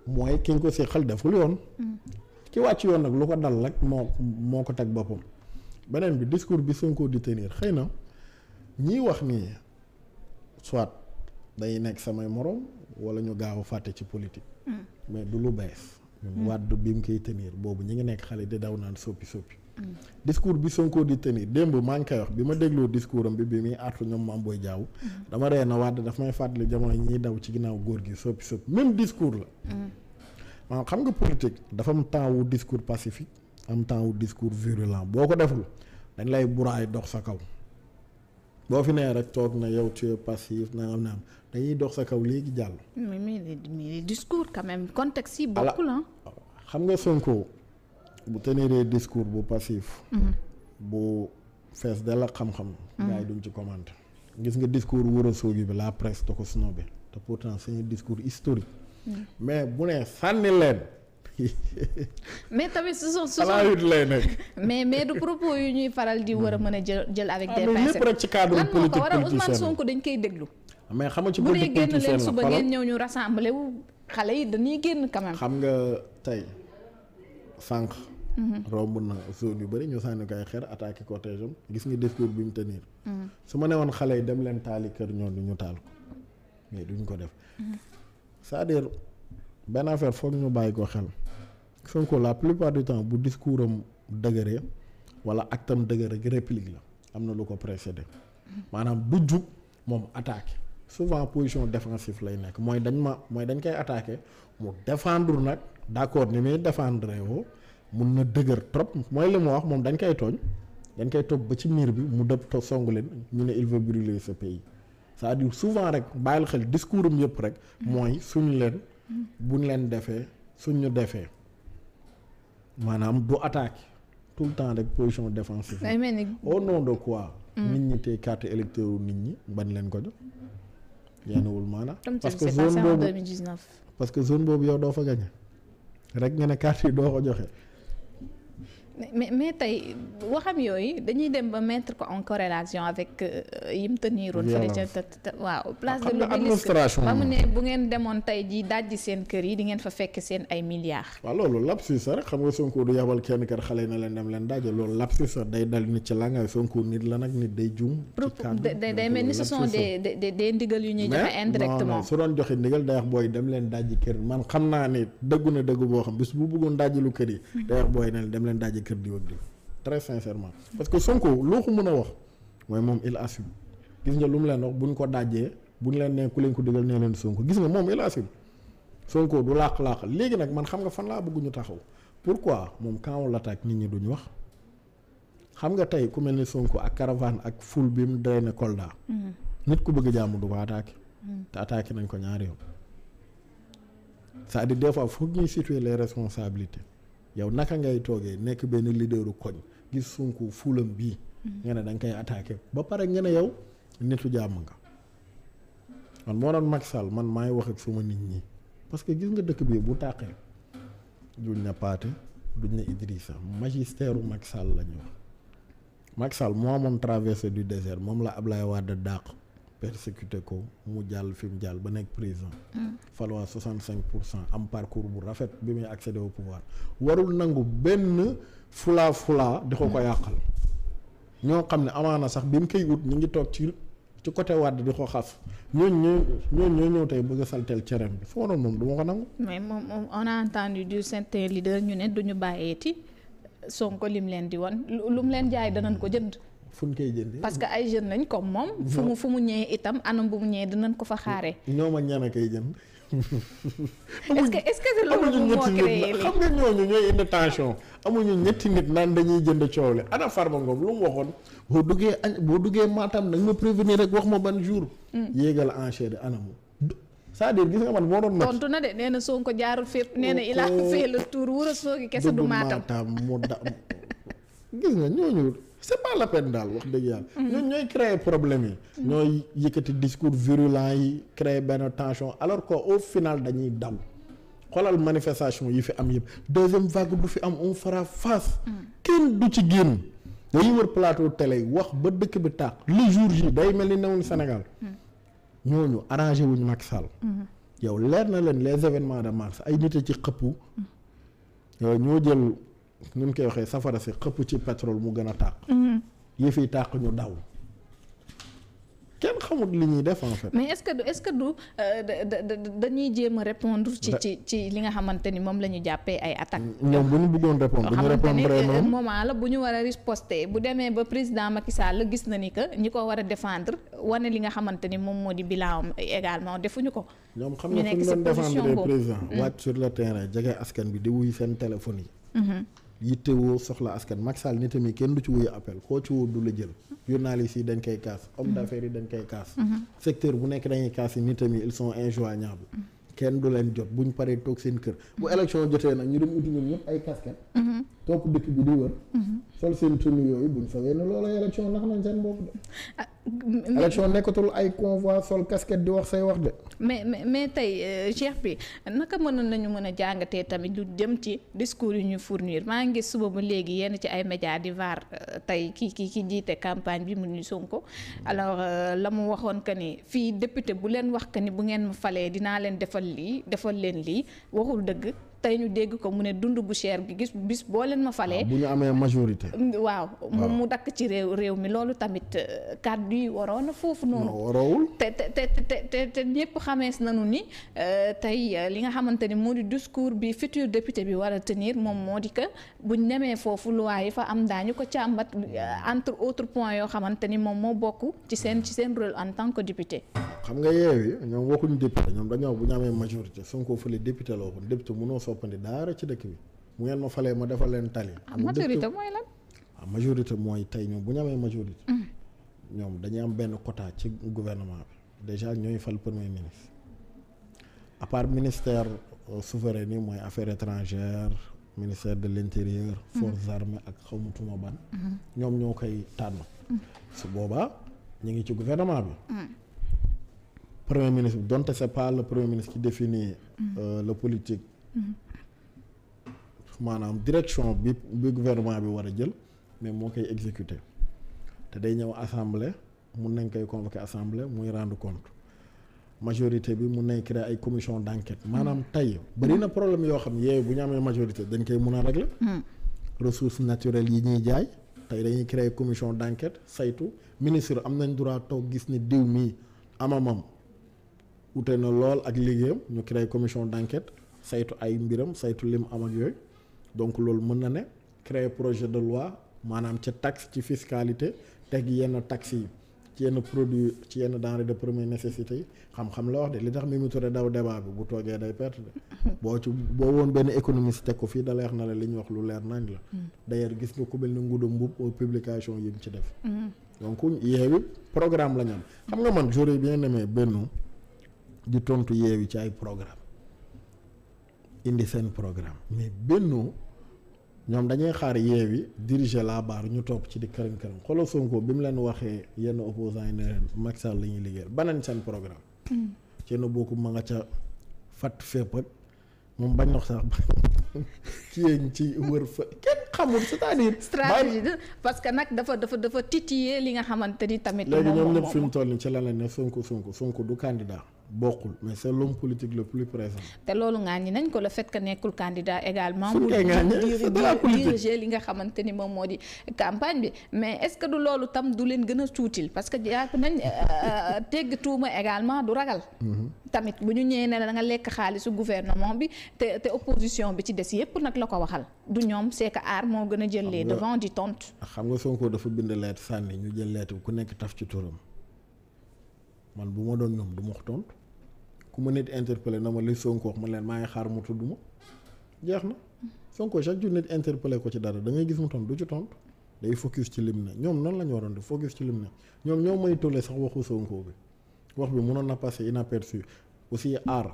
mooy ki nga ko seqal deful yoon. Mm. ki wàcc yoon nag lu ko dal rek moo moo ko teg boppam beneen bi discours bi Sonko di tenir xëy na ñiy wax nii soit day nekk samay morom wala ñu gaaw a fàtte ci politique. Mm. mais du lu bees. Mm. wàdd bi mu koy tenir boobu ñu ngi nekk xale di daw naan soppi soppi. Mm. discours bi Sonko di tenir démb maa ngi koy wax bi ma dégloo discours am bi bi muy artu ñoom Mame Boye Diao. dama ree na wàdd daf may fàttali jamono ñii daw ci ginnaaw góor gi soppi soppi même discours la. maanaam xam nga politique dafa am temps wu discours pacifique am temps wu discours virulent boo ko deful dañ lay buraay dox sa kaw boo fi nee rek toog na yow tu es passif na am na am dañuy dox sa kaw léegi jàll. mais mais discours quand même contexte xam nga Sonko bu teniree bu passif. Mhm. bu fees dell xam-xam. Mhm. gars yi duñ ci commenté. gis nga discours wóor a soogi bi la presse da no snobé te pourtant suñu discours historique. mais bu ne sànni leen. mais tamit su soo su soo lay nekk. mais mais du propos yu ñuy faral di war a mën a jël jël avec ah, des pincettes. lépp rek ci cadre politique lan moo ko dañ koy déglu. mais xam nga ci politique bu dee génn leen suba ngeen ñëw ñu rassemblé xale yi dañuy génn quand xam nga tey sànq. romb na zone yu bëri ñu sànni ko ay xeer attaqué cortège am gis nga discours bi mu tenir. Mm. su ma ne woon xale yi dem leen taali kër ñoo ñu taal ko mais duñ ko def. Mm. c'est-à-dire benn affaire foog ñu bàyyi ko xel Sonko la plupart du temps bu discours am dëgëree wala actam dëgër ak réplique la am na lu ko précédé maanaam bu jug moom attaque souvent position défensive lay nekk mooy dañ ma mooy dañ koy attaqué mu défendre nag d'accord ni muy défendre woo mun na dëgër trop mooy li mu wax moom dañ koy tooñ dañ koy topp ba ci miir bi mu dëpp song leen ñu ne il veut brûler ce cest à souvent rek bàyyil xel discours am yëpp rek mooy suñu leen buñ leen defee suñu defee maanaam du attaque tout le temps rek position défensive au nom de quoi mm. nit ñi tey carte électeur nit ñi bañ leen ko jox yéenewul maanaam parce que zone boobu parce que zone boobu yow doo fa gañe rek nga ne carte yi doo ko joxe mais mais tey waxam yooyu dañuy dem ba mettre ko en corrélation avec euh, yi mu tëniiroon fële ca waaw ah, place de l'Obélisque ba mu ne bu ngeen demoon tey ji daj seen kër yi di ngeen fa fekk seen ay milliards waaw loolu lapsus rek xam nga Sonko du yabal kenn kër xale na leen dem leen daje loolu lapsus day dal nit ci làngaay Sonko nit la nag nit day juum day mel ni ce sont des des des ndigal yu ñuy joxe indirectement su doon joxe ndigal day wax booy dem leen dajji kër man xam naa ne dëggu na dëggu boo xam bis bu bëggoon dajji kër yi ay kër diw ak diw très sincèrement parce que Sonko loo ko mën a wax mooy moom il assume gis nga lu mu leen wax bu ñu ko dajjee bu ñu leen nee ku leen ko digal nee leen sonk gis nga moom il assume Sonko du làq-làq léegi nag man xam nga fan laa bëgg ñu taxaw pourquoi moom quand on l'attaque nit ñi duñ wax xam nga tey ku mel ni sonk ak caravane ak ful bi mu drainer Kolda. Mm-hmm. nit ku bëgg jàmm du ko attaqué. Mm-hmm. te attaqué nañ ko ñaari yoon. sa à dire des fois foog ñuy les responsabilités. yow naka ngay toogee nekk benn leaderu koñ gis Sonko fulam bii. Mm-hmm. nga ne da nga koy attaqué ba pare nga ne yow nitu jàmm nga. man moo doon Macky man maay wax ak suma nit ñi parce que gis nga dëkk bi bu tàqee duñ na Pathé duñ na Idrissa magistère u Macky Sall la ñu wax Macky Sall moo moom traversé du désert moom la ab lay Wade dàq persécuté ko mu jàll fi mu jàll ba nekk président. falwa 65 pour cent am parcours bu rafet bi muy accéder au pouvoir warul nangu benn fulaa fulaa di ko ko mm. yàqal. ñoo xam ne amaana sax bi mu koy ut ñu ngi toog ci ci côté Wàdd di ko xas ñooñu ñoo ñoo ñëw tey bëgg a salteel cerem bi foo waroon moom du ko nangu. mais moom on a entendu du certain leader ñu ne du ñu bàyyeeti Sonko lim leen di wan lu mu leen jaay danañ ko jënd. fu ñu koy jëndee parce que ay jeunes lañ ko moom. fu mu fu mu ñëwee itam anam bu mu ñëwee dinañ ko fa xaare ñoo ma ñaan a koy jënd. [laughs] est-ce que est-ce que c'est loolu amuñu ñetti nit naan dañuy jënd coow le ana Farba Ngom lu mu waxoon boo duggee añ boo duggee Matam nag ma prévenir rek wax ma ban jour. Mm. yéegal enchaîné anamu. c'est-à-dire gis nga man moo doon. tontu na de nee na Sonko jaarul fépp nee na il a fait le tour soo a soogi kese du Matam. mu da gis nga ñooñu. c'est pas la peine daal wax dëgg yàlla. Mm-hmm. ñun ñooy créer problème yi. Mm-hmm. ñooy yëkkati discours virulent yi créer benn tension alors que au final dañuy daw xoolal manifestation yi fi am yëpp deuxième vague du fi am on fera face. Mm-hmm. kenn du ci génn. dañuy wër plateau télé yi wax ba dëkk bi taax le jour ji day mel ni newuñu Sénégal. ñooñu arrangé wuñu Macky Sall. yow leer na leen les événements de mars ay nit a ci xëpp. ñoo jël. nun koy waxee safara si xëpp ci pétrole mu gën a tàq mhm. yëf yi tàq ñu daw kenn xamul li ñuy def en fait. mais est-ce que du ce que du euh, dañuy jéem a répondre ci ci ci li nga xamante ni moom la ñu jàppee ay attaque ñoom bu ñu buggoon répondre bu ñu répondre euh, moment la bu ñu war a riposte bu demee ba président Macky Sall gis na ni que ñi ko war a défendre wane li nga xamante ni moom moo di bilaawam également defuñu ko. ñoom xam ne fu ñu doon défendre président. Mm. wàcc sur le terrain jege askan bi di wuy seen téléphone yi. Mm-hmm. yittewoo soxla askan Macky Sall ni tamit kenn du ci wuyu appel koo woo du la jël journalistes yi dañ koy kaas homme d'affaires yi dañ koy kaas mm-hmm. secteur bu nekk dañuy kaas yi ni tamit ils sont injoignables kenn du leen jot buñ paree toog seen kër bu élection jotee nag ñu dem uti ñun ñëpp ay casquette mm-hmm. topp dëkk bi di wër mm-hmm. sol seen tenue yooyu buñ fawee ne loolu élection nax nañ seen bopp de ah, élection nekkatul ay convoi sol casquette di wax say wax de mais mais tey euh, cheikh bi naka mënoon nañu mën a jàngatee tamit lu jëm ci discours yu ñu fournir maa ngi suba ba léegi yenn ci ay média di vaar euh, tey ki ki ki jiite campagne bi mu ñu Sonko alors euh, la mu waxoon que ni fii lii defal leen lii waxul dëgg tey ñu dégg ko mu ne dund bu cher bi gis bis boo leen ma ah, falee. bu ñu amee majorité. Mm, waaw ah. moom mu dakk ci réew réew mi loolu tamit euh, kàddu yi waroon na foofu noonu. waroowul te te te te te ñëpp xamees nañu ni euh, tey euh, li nga xamante ni moo di discours bi futur député bi war a tenir moom moo di que buñ demee foofu loi yi fa am daañu ko càmbat entre autres point yoo xamante ni moom moo bokk ci seen ci seen rôle en tant que député. xam nga yeewi ñoom waxuñu député ñoom dañoo bu ñu amee majorité Sonko fële député la waxoon député mënoo toppandi daara ci dëkk bi mu ngeen ma falee ma defal leen tali. Ah, majorité mooy lan. waaw ah, mooy tey ñoom bu ñu amee majorité. Mm. ñoom dañuy am benn cota ci gouvernement bi déjà ñooy fal premier ministre à part ministère euh, souverain yi mooy affaires étrangères ministère de l'intérieur. Mm. forces armées ak xamutuma ban. Mm-hmm. ñoom ñoo koy tànn. Mm. su boobaa ñu ngi ci gouvernement bi. premier ministre donte c'est pas le premier ministre qui définit. Euh, le Mhm. maanaam direction bi bi gouvernement bi war a jël mais moo koy exécuter te day ñëw assemblée mun nañ koy convoquer assemblée muy rendre compte majorité bi mun nañ créer ay commission d'enquête maanaam mhm. tey bari na problème yoo xam yee bu ñu amee majorité dañ koy mun a régler mhm. ressources naturelles yi ñuy jaay tey dañuy créer commission d'enquête saytu ministre am nañ droit toog gis ni diw mii amamam wute na lool ak liggéeyam ñu créer commission d'enquête saytu ay mbiram saytu lim am ak yooyu donc loolu mën na ne créer projet de loi maanaam ca taxe ci fiscalité teg yenn taxe yi ci yenn produit ci yenn denrée de première nécessité yi xam-xam la wax de li tax Mimi Touré daw débat bi bu toogee day perte de [laughs] boo ci boo woon benn économiste teg ko fii da leer na la li ñu wax lu leer nañ la mm. d'ailleurs gis nga ku mel ni ngudu mbub publication yi mu ci def mm. donc yeewi programme la ñu am xam nga man j'aurais bien aimé benn di tontu yeewi indi seen programme mais Benno ñoom dañuy xaar Yewwi diriger la barre ñu topp ci di këram këram xoolal Sonko bi mu leen waxee yenn opposants yi ne leen Macky Sall la ñuy liggéeyal banañ seen programme. Hmm. ci nu ma nga ca fat fépp ak moom [laughs] ci wër fa kenn xamul c'est-à-dire. stratégie parce que nag dafa dafa dafa titiller li nga xamante ni tamit. moom léegi ñoom ñëpp fi mu toll nii ci la ne Sonko Sonko Sonko du candidat. bokkul mais c'est l'homme politique le plus présent. te loolu ngaa ñi nañ ko la fait que nekkul candidat également. li nga xamante ni moom moo di campagne bi mais est-ce que du loolu tam du leen gën a tuutil parce que jàpp nañ euh, euh, tegg tuuma également du ragal. Mm-hmm. tamit bu ñu ñëwee ne da nga lekk xaalisu gouvernement bi te te opposition bi ci des yépp nag la ko waxal du ñoom c'est que aar moo gën a jël les devants di tontu. xam nga Sonko dafa bind lettre sànni ñu jël lettre ku nekk taf ci turam man bu ma doon ku ma nit interpellé na ma li Sonko wax ma leen maa ngi xaar mu tudd ma jeex na Sonko chaque jour nit interpellé ko ci dara da ngay gis mu tontu du ci tontu day focus ci lim ne ñoom noonu la ñu waroon di focus ci lim ne ñoom ñoo may tollee sax waxu Sonko bi wax bi mënoon na passé inaperçu aussi aar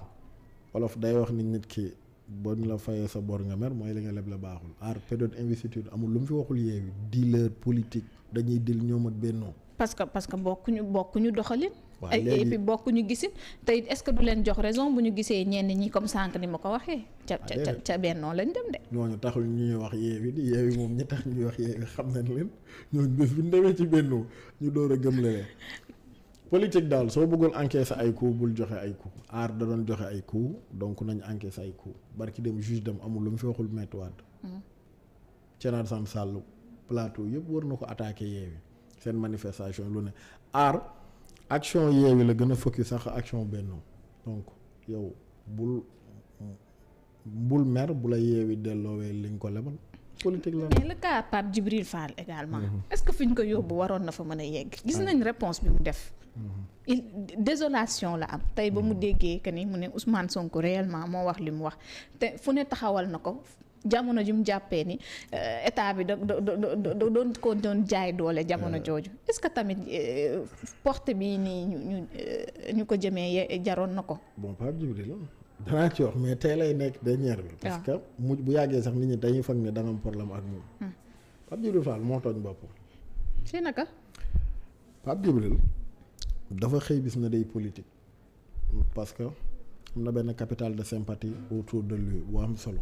wolof day wax ni nit ki boo ñu la fayee sa bor nga mer mooy li nga leb la baaxul aar période investiture amul lu mu fi waxul yeewi dealer politique dañuy dil ñoom ak bennoo parce que parce que bokkuñu bokkuñu doxalin. et puis bokk ñu gisin tey est-ce que du leen jox raison bu ñu gisee ñenn ñi comme sànq ni ma ko waxee ca ca ca bennoo lañ dem de ñooñu taxul ñuy wax yeewi di yeewi moom ñi tax ñuy wax yeewi xam nañ leen ñooñu bés bu ñu demee ci bennoo ñu door a gëm leen politique daal soo bëggoon encaisser ay coup bul joxe ay coup aar da doon joxe ay coup donc nañ encaisser ay coup barki dem juge dem amul lu mu fi waxul Maître Wade hmm. Thierno Alassane Sall plateau yëpp wër na ko attaqué yeewi seen manifestation lu ne aar action yeewi la gën a focus sax action Benno donc yow bul bul mer bu la yeewi delloowee liñ ko lebal politique la mais le cas Pape Djibril Fall également mm-hmm. est que fi ñu ko yóbbu waroon na fa mën a yegg gis nañ réponse bi mu def mm-hmm. il désolation la am tey ba mu mm-hmm. déggee que ni mu ne Ousmane Sonko réellement moo wax li mu wax te fu ne taxawal na ko jamono ji mu jàppee ni eh, état bi da doon ko doon jaay doole jamono eh. jooju est-ce que tamit eh, porte bii nii ñu ñu ñu ko jëmee jaroon na ko. bon Pape Djibril danaa ci wax mais tey lay nekk dernière bi. parce ah. que mujj bu yàggee sax nit ñi dañuy foog ne da nga am problème ak ñun. Hmm. Pape Djibril Fall moo tooñ boppam. si naka. Pape Djibril dafa xëy bis na day politique parce que am na benn capital de sympathie autour de lui bu am solo.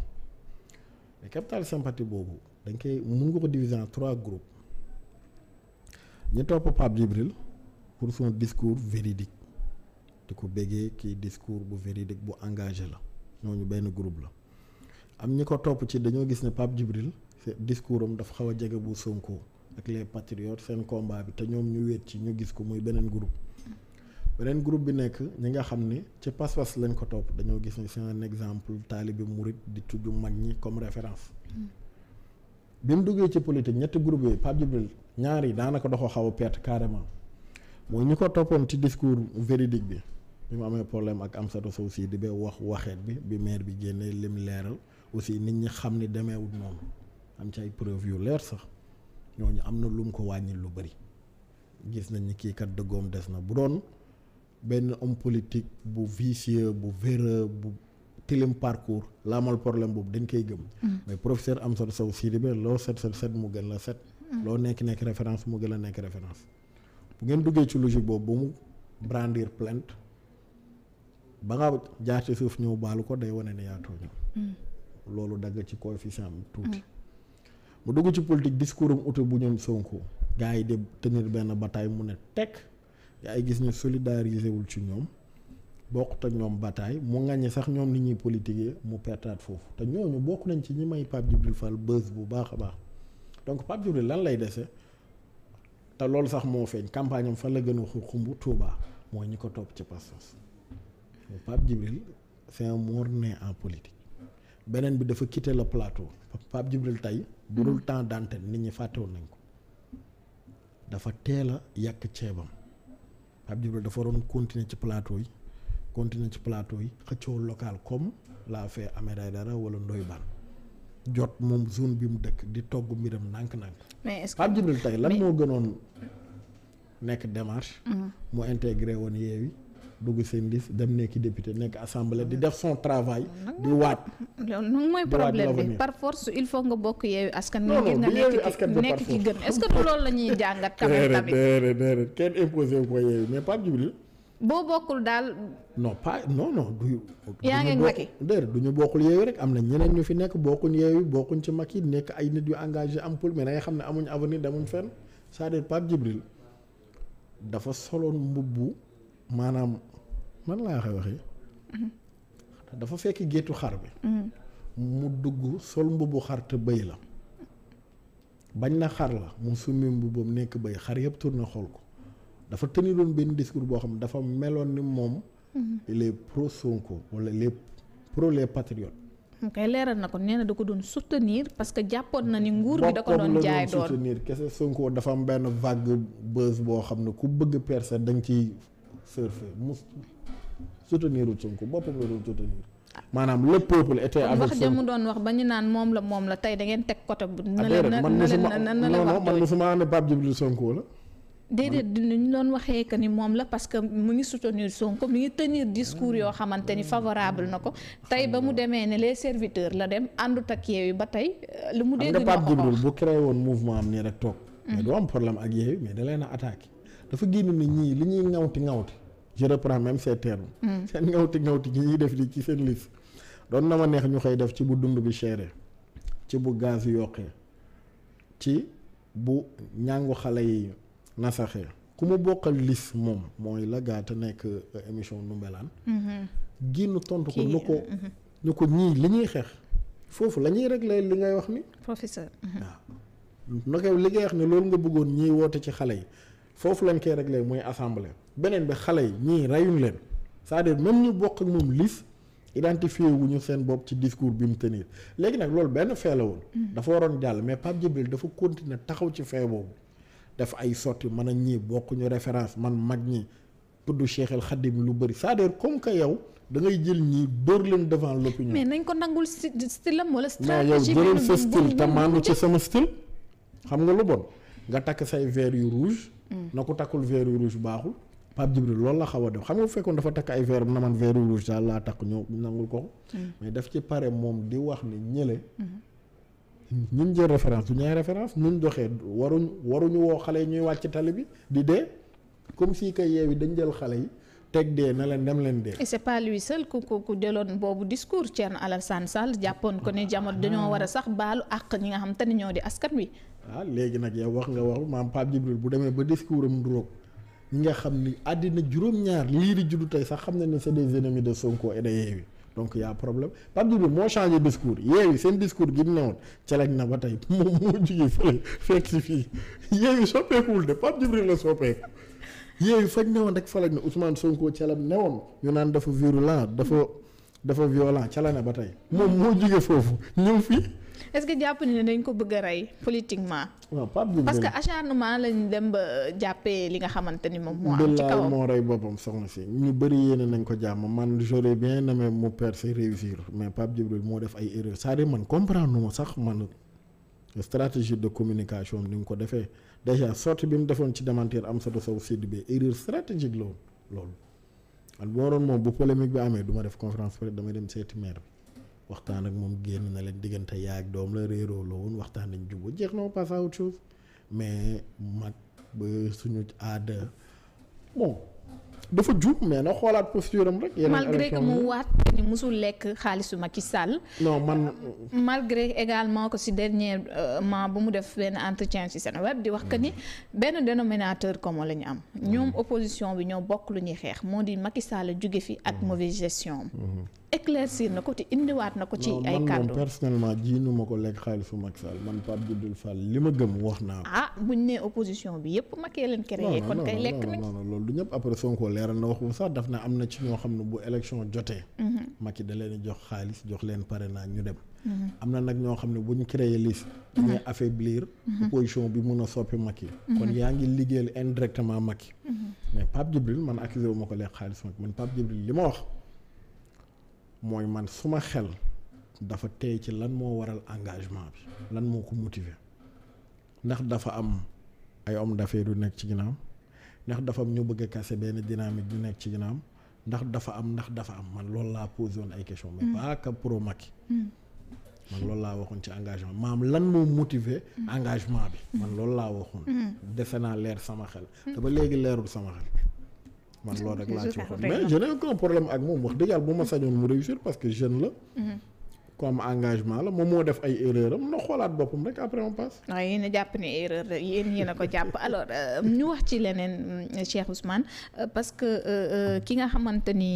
mais capital sympathie boobu dañ koy mun nga ko diviser en trois groupes ñu topp Pape Djibril pour son discours véridique di ko béggee kii discours bu véridique bu engagé la ñooñu benn groupe la am ñi ko topp ci dañoo gis ne Pape Djibril discours am dafa xaw a jege bu Sonko ak les patriotes seen combat bi te ñoom ñu wéet ci ñu gis ko muy beneen groupe beneen groupe bi nekk ñi nga xam ni ci pas-pas lañ ko topp dañoo gis ni c'est un exemple taalibe murit di tudd mag ñi comme référence. Mm. bi mu duggee ci politique ñetti groupe yooyu Pape Djibril ñaar yi daanaka doxoo xaw a perte carrément mooy ko toppoon ci discours véridique bi bi mu amee problème ak Amsatou Sow si di ba wax waxeet bi bi maire bi génnee lim leeral aussi nit ñi xam ni demeewul noonu am ci ay preuve yu leer sax ñooñu am na lu mu ko wàññi lu bëri gis nañ ni kii kat dëggoom des na bu doon. benn homme politique bu vicieux bu véreux bu tilim parcours la amal problème boobu dañ koy gëm mm. mais professeur Amsatou Sow Sidibé loo set set set mu gën la set mm. loo nekk nekk référence mu gën la nekk référence bu ngeen duggee ci logique boobu ba mu brandir plainte ba nga jaar ci suuf ñëw baalu ko day wane ne yaa tooñu mm. loolu dagg ci coefficient am tuuti mu dugg ci politique discours am auto bu ñoom Sonko gars yi di tenir benn bataay mu ne tekk yaa ay gis ne solidarisé wul ci ñoom bokkut ak ñoom bataille mu ŋàññi sax ñoom ni ñuy politiquer mu pertaat foofu te ñooñu bokk nañ ci ñi may Pape Djibril Fall bës bu baax a baax donc Pape Djibril lan lay dese te loolu sax moo feeñ campagne am fa la gën a xumb Touba mooy ñi ko topp ci pas-pas Pape Djibril c'est un morné en politique beneen bi dafa quitté le plateau Pape Djibril tey bu dul temps d'antenne nit ñi fàttewoon nañ ko dafa teel a yàq ceebam. Pape Djibril dafa waroon continuer ci plateau yi continuer ci plateau yi xëccoo local comme l'a fait Ahmed dara wala ndoy Bane jot moom zone bi mu dëkk di togg mbiram ndànk nànk mais est tey lan moo gënoon nekk démarche. Mm-hmm. mu intégré woon Yewwi dugg service dem nekki député nekk assemblée di ah. def son travail. Ah. di waat loolu mooy problème bi par force il faut nga bokk yeewu askan. non non bu bi nekk ki gën est-ce que loolu la ñuy jàngat. tamit tamit déedéet kenn imposé wu ko yeewu mais par Djibril boo bokkul daal. non pas non non du. yaa ngi Macky déedéet du ñu bokkul yeewu rek am na ñeneen ñu fi nekk bokkuñ yeewu bokkuñ ci Macky nekk ay nit yu engagé am pôle mais da xam ne amuñ avenir demuñ fenn c'est-à-dire Pape Djibril dafa soloon mbubb maanaam man laa koy waxee. Mm-hmm. dafa fekk géttu xar bi. Mm-hmm. mu dugg sol mbubu xar te bëy la. bañ na xar la mu summi mbubam nekk bëy xar yëpp tur na xool ko dafa tëniloon benn discours boo xam ne dafa meloon ni moom. Mm-hmm. le pro Sonko wala les pro les patriotes. kay leeral na ko nee na da ko doon soutenir parce que jàppoon na ni nguur gi da ko doon jaay doon kese Sonko dafa am benn vague buzz boo xam ne ku bëgg percer da ci surfer mus soutenir wul Sonko boppam la doon soutenir maanaam le peuple était wax ja doon wax ba ñu naan moom la moom la tey da ngeen teg côté bu na leen man musuma non non doon waxee que ni moom la parce que mu ngi soutenir Sonko mu ngi tenir discours yoo xamante ni favorable na ko tey ba mu demee ne les serviteurs la dem àndut ak yi ba tey lu mu dégg nga Pape Djibril bu créé woon mouvement am nii rek toog mais du am problème ak yeewi mais da leen a dafa génn na ñii li ñuy ŋawti ŋawti je reprends même ces termes. Hmm. seen ŋawti ŋawti gi ñuy def lii ci seen liste. doon na ma neex ñu koy def ci bu dund bi chéré ci bu gaz yokkee ci bu ñàngu xale yi nasaxee ku mu bokkal liste moom mooy la gaa nekk euh, émission Ndoumbelane. Mm-hmm. génn tontu ko nu ko mm-hmm. nu ko ñii li ñuy xeex foofu la ñuy réglé li ngay wax ni. professeur mm-hmm. waaw. na li ngay wax ne loolu nga bëggoon ñiy woote ci xale yi. foofu lañ koy réglé mooy assemblée beneen bi xale yi ñii reyuñ leen c'est-à-dire même bokk ak moom lis identifié wu ñu seen bopp ci discours bi mu tenir léegi nag loolu benn fee la woon. Mm-hmm. dafa waroon jàll mais Pape Djibril dafa continuer taxaw ci fee boobu. def ay sotti mën a ñii bokk ñu référence man mag ñi tudd Cheikh El Khadim lu bëri cest à comme que yow da ngay jël ñii dóor leen devant l'opinion. mais nañ ko nangul style am wala stratégie mais yow jëlal sa style ci sama xam nga lu bon nga takk say verre yu rouge. na ko takkul vert rouge baaxul Pape Djibril loolu la xaw a def xam nga fekkoon dafa takk ay vert na man vert rouge daal laa takk ñoo nangul ko mm. mais def ci pare moom di wax ni ñële mm-hmm. ñun jël référence du ñaay référence ñun doxee waruñ waruñu woo xale yi ñuy wàcc tali bi di dee comme si que yeew yi dañ jël xale yi teg dee na leen dem leen dee. et c'est pas lui seul ku ku ku jëloon boobu discours Thierno Alassane Sall jàppoon ko ne jamono dañoo ah. war a sax baalu àq ñi nga xam te ne ñoo di askan wi. ah léegi nag yow wax nga wax maam Pape Djibril bu demee ba discours am duroog ñi nga xam ni àddina juróom-ñaar lii di juddu tey sax xam ne ne c'est des ennemis de sonkoo et de Yewwi donc y' a problème Pape Djibril moo changé discours Yewwi seen discours gi mu newoon na ba tey [laughs] moom moo jugee fële fekk si fii Yewwi soppeekuwul de Pape Djibril la soppeeku Yewwi fañ rek fële ne Ousmane Sonko calam newoon ñu naan dafa virulent dafa dafa violent cala na ba tey foofu ñëw fii. est-ce que jàpp ne dañ ko bëgg a rey politiquement. parce que acharnement lañ dem ba jàppee li nga xamante ni moom. moo am ci kawam moo rey boppam soxna si ñu bëri yéene nañ ko jàmm man j'aurais bien aimé mu percer réussir mais Pape Djibril moo def ay erreurs c'est-à-dire man comprendre ma sax man stratégie de communication ni nga ko defee déjà sortie bi mu defoon ci démentir am sa dosaw sédd bi erreur stratégique loolu loolu. man bu waroon moom bu polémique amee du ma def conférence peut dem seeti bi. waxtaan ak moom génn na leen diggante yaay ak doom la réeroo la woon waxtaan nañ jubóo jeex na on passe à mais mag ba suñu aada bon dafa jub mais na xoolaat posture am rek. malgré que mu waat ni musul lekk xaalisu mag Macky Sall. non man. malgré également ko si dernièrement ba mu def benn entretien ci seen web di wax que ni mm. benn dénominateur comme lañu am. ñoom mm. opposition bi ñoo bokk lu ñuy xeex moo di i Sall jóge fi ak mm. mauvaise gestion éclaircir na ko te indiwaat na ko. ci ay kàddu non personnellement man Pape Djibril Fall li ma gëm wax naa ko. Ah, bi yëpp Macky leen créé. kon kay lekk na waxu sax daf na am na ci ñoo xam ne bu élection jotee. Mhm. Macky da leen jox xaalis jox leen parrainage ñu dem. Mhm. am na nag ñoo xam ne bu ñu créé liste. dañuy mhm. affaiblir. bi mun a soppi Macky. kon yaa ngi liggéeyal indirectement Macky. mais Pape Djibril man accusé wu ma ko lekk xaalis Macky man li ma wax. mooy man suma xel dafa tey ci lan moo waral engagement bi lan moo ko motiver ndax dafa am ay hommes d'affaires yu nekk ci ginnaaw ndax dafa am ñu bëgg a casser benn dynamique yu nekk ci ginnaaw ndax dafa am ndax dafa am man loolu laa posé woon ay questions. mais mm. pas que pro Macky. Mm. man loolu laa waxoon ci engagement maam lan moo motiver mm. engagement bi. man loolu laa waxoon. defe naa leer sama xel. te ba léegi leerul sama xel. man loolu rek laa ci mais je n'ai aucun problème ak moom wax dëgg bu ma sañoon mu réussir parce que jeune la. Mhm. ku am engagement la moom moo def ay erreur am na xoolaat boppam rek après on passe. waaw ah, yéen a jàpp ne erreur yéen ko jàpp [laughs] alors euh, ñu wax ci leneen euh, Cheikh Ousmane euh, parce que ki nga xamante ni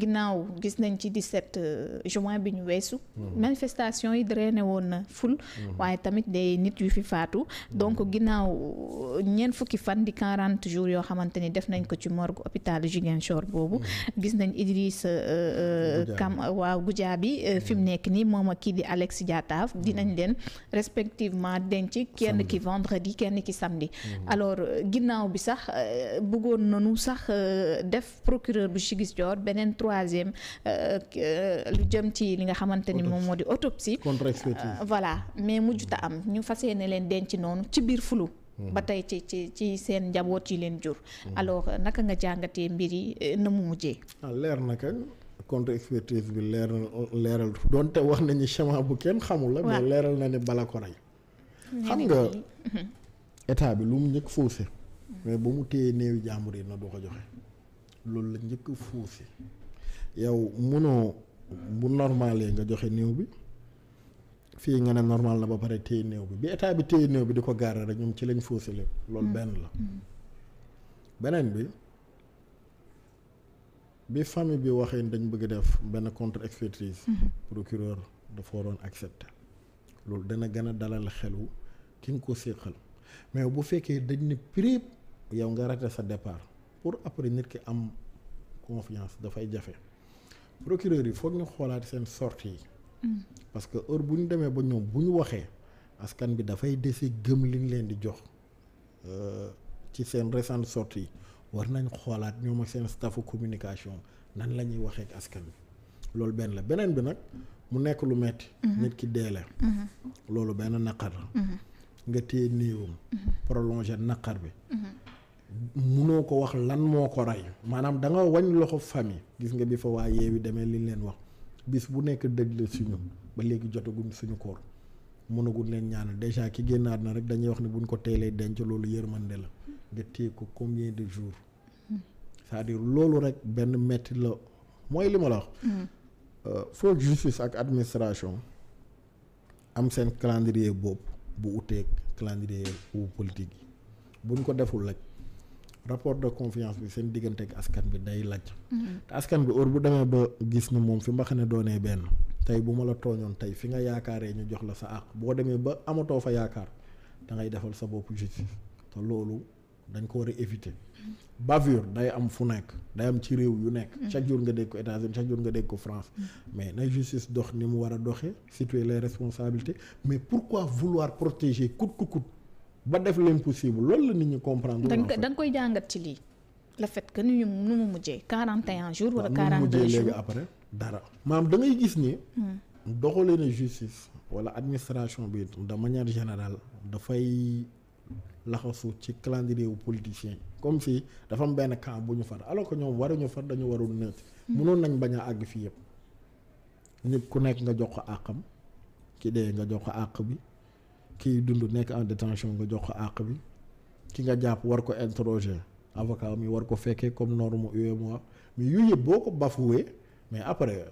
ginnaaw gis nañ ci di 17 juin bi ñu weesu. Hmm. manifestation yi drainé woon na ful. Hmm. waaye tamit day nit yu fi faatu. donc hmm. ginnaaw ñeent fukki fan di quarante jours yoo xamante ni def nañ ko ci morgue hôpital Ziguinchor boobu. gis nañ Idriss Kam waaw Goudiaby fi nekk nii moom ak kii di Alex Diatta dinañ leen respectivement denc kenn ki vendredi kenn ki samedi mm-hmm. alors euh, ginnaaw bi sax euh, bëggoon nanu sax euh, def procureur bu Ziguinchor beneen troisième lu jëm ci li nga xamante ni moom moo di autopsie voilà mais mujjuta am ñu fas yéene leen denc noonu ci biir fulu mm-hmm. ba tey ci ci ci seen njaboot yi leen jur mm-hmm. alors naka nga jàngatee mbir yi na mu mujjee ah, leer naka contre expertise bi leeral leeral donte wax nañu chemin bu kenn xamul la. mais leeral na ne bala ko rey. xam nga état bi lu mu njëkk forcé mais ba mu téye néewi jàmbur yi na du ko joxe loolu la njëkk forcé yow munoo bu normalee nga joxe néew bi fii nga ne normal na ba pare téye néew bi bi état bi téye néew bi di ko gaare rek ñoom ci lañ forcé lépp loolu mm. benn la mm. beneen bi. bi famille bi waxee dañ bëgg def benn contre expertise mhm. procureur dafa waroon accepter loolu dana gën a dalal xelu ki nga ko séqal mais bu fekkee dañ ne prip yow nga raté sa départ pour après nit ki am confiance dafay jafe procureur yi foog ñu xoolaat seen sortie yi mhm. parce que heure bu ñu demee ba ñoom bu ñu waxee askan bi dafay dese gëm liñ leen di jox euh, ci seen récente sortie yi war nañ xoolaat ñoo ak seen staffu communication nan la ñuy waxee askan wi loolu benn la beneen bi nag mu nekk lu metti mhm. nit ki dee la mhm. loolu benn naqar la mhm. nga téye néewam prolonger naqar bi munoo ko wax lan moo ko rey maanaam da nga wañ loxo famille gis nga bi fa waa yeewi demee li leen wax bis bu nekk dëgg la suñu ba léegi jotaguñ suñu koor mënaguñ leen ñaan déjà ki génnaat na rek dañuy wax ne buñ ko teelee denc loolu yërmande la nga téye ko combien de c'est-à-dire loolu rek benn metti la mooy li ma la wax. Mm-hmm. Euh, foog justice ak administration am seen calendrier boobu bu uteeg calendrier wu politique buñ ko deful rek rapport de confiance bi seen diggante ak askan bi day laj mm-hmm. te askan bi heure bu demee ba gis ni moom fi mbax ne doonee benn. tey bu ma la tooñoon tey fi nga yaakaaree ñu jox la sa àq boo demee ba amatoo fa yaakaar da defal sa bopp justice te loolu. dañ ko war a éviter bavure day am fu nekk day am ci réew yu nekk. Mm. chaque jour nga dégg ko États-Unis chaque jour nga dégg ko France. Mm. mais na justice dox ni mu war a doxee situer les responsabilités mais pourquoi vouloir protéger coûte que coûte ba def l'impossible loolu la nit ñu comprendre. da nga koy jàngat ci lii. le fait que ni mu nu mu mujjee 41 jours. wala 42 jours léegi après dara. maam da ngay gis ni. Mm. doxalee ne justice wala administration bi de manière générale laxasu ci calendrier wu politicien yi comme si dafa am benn camp bu ñu far alors que ñoom waruñu far dañu warul neutre. mënoon hmm. nañ bañ a àgg fii yëpp. nit ku nekk nga jox ko àqam ki dee nga jox ko àq bi kiy dund nekk en détention nga jox ko àq bi ki nga jàpp war ko interroger avocat mi war ko fekkee comme norme UEMOA mais yu yëpp boo ko bafouwee mais après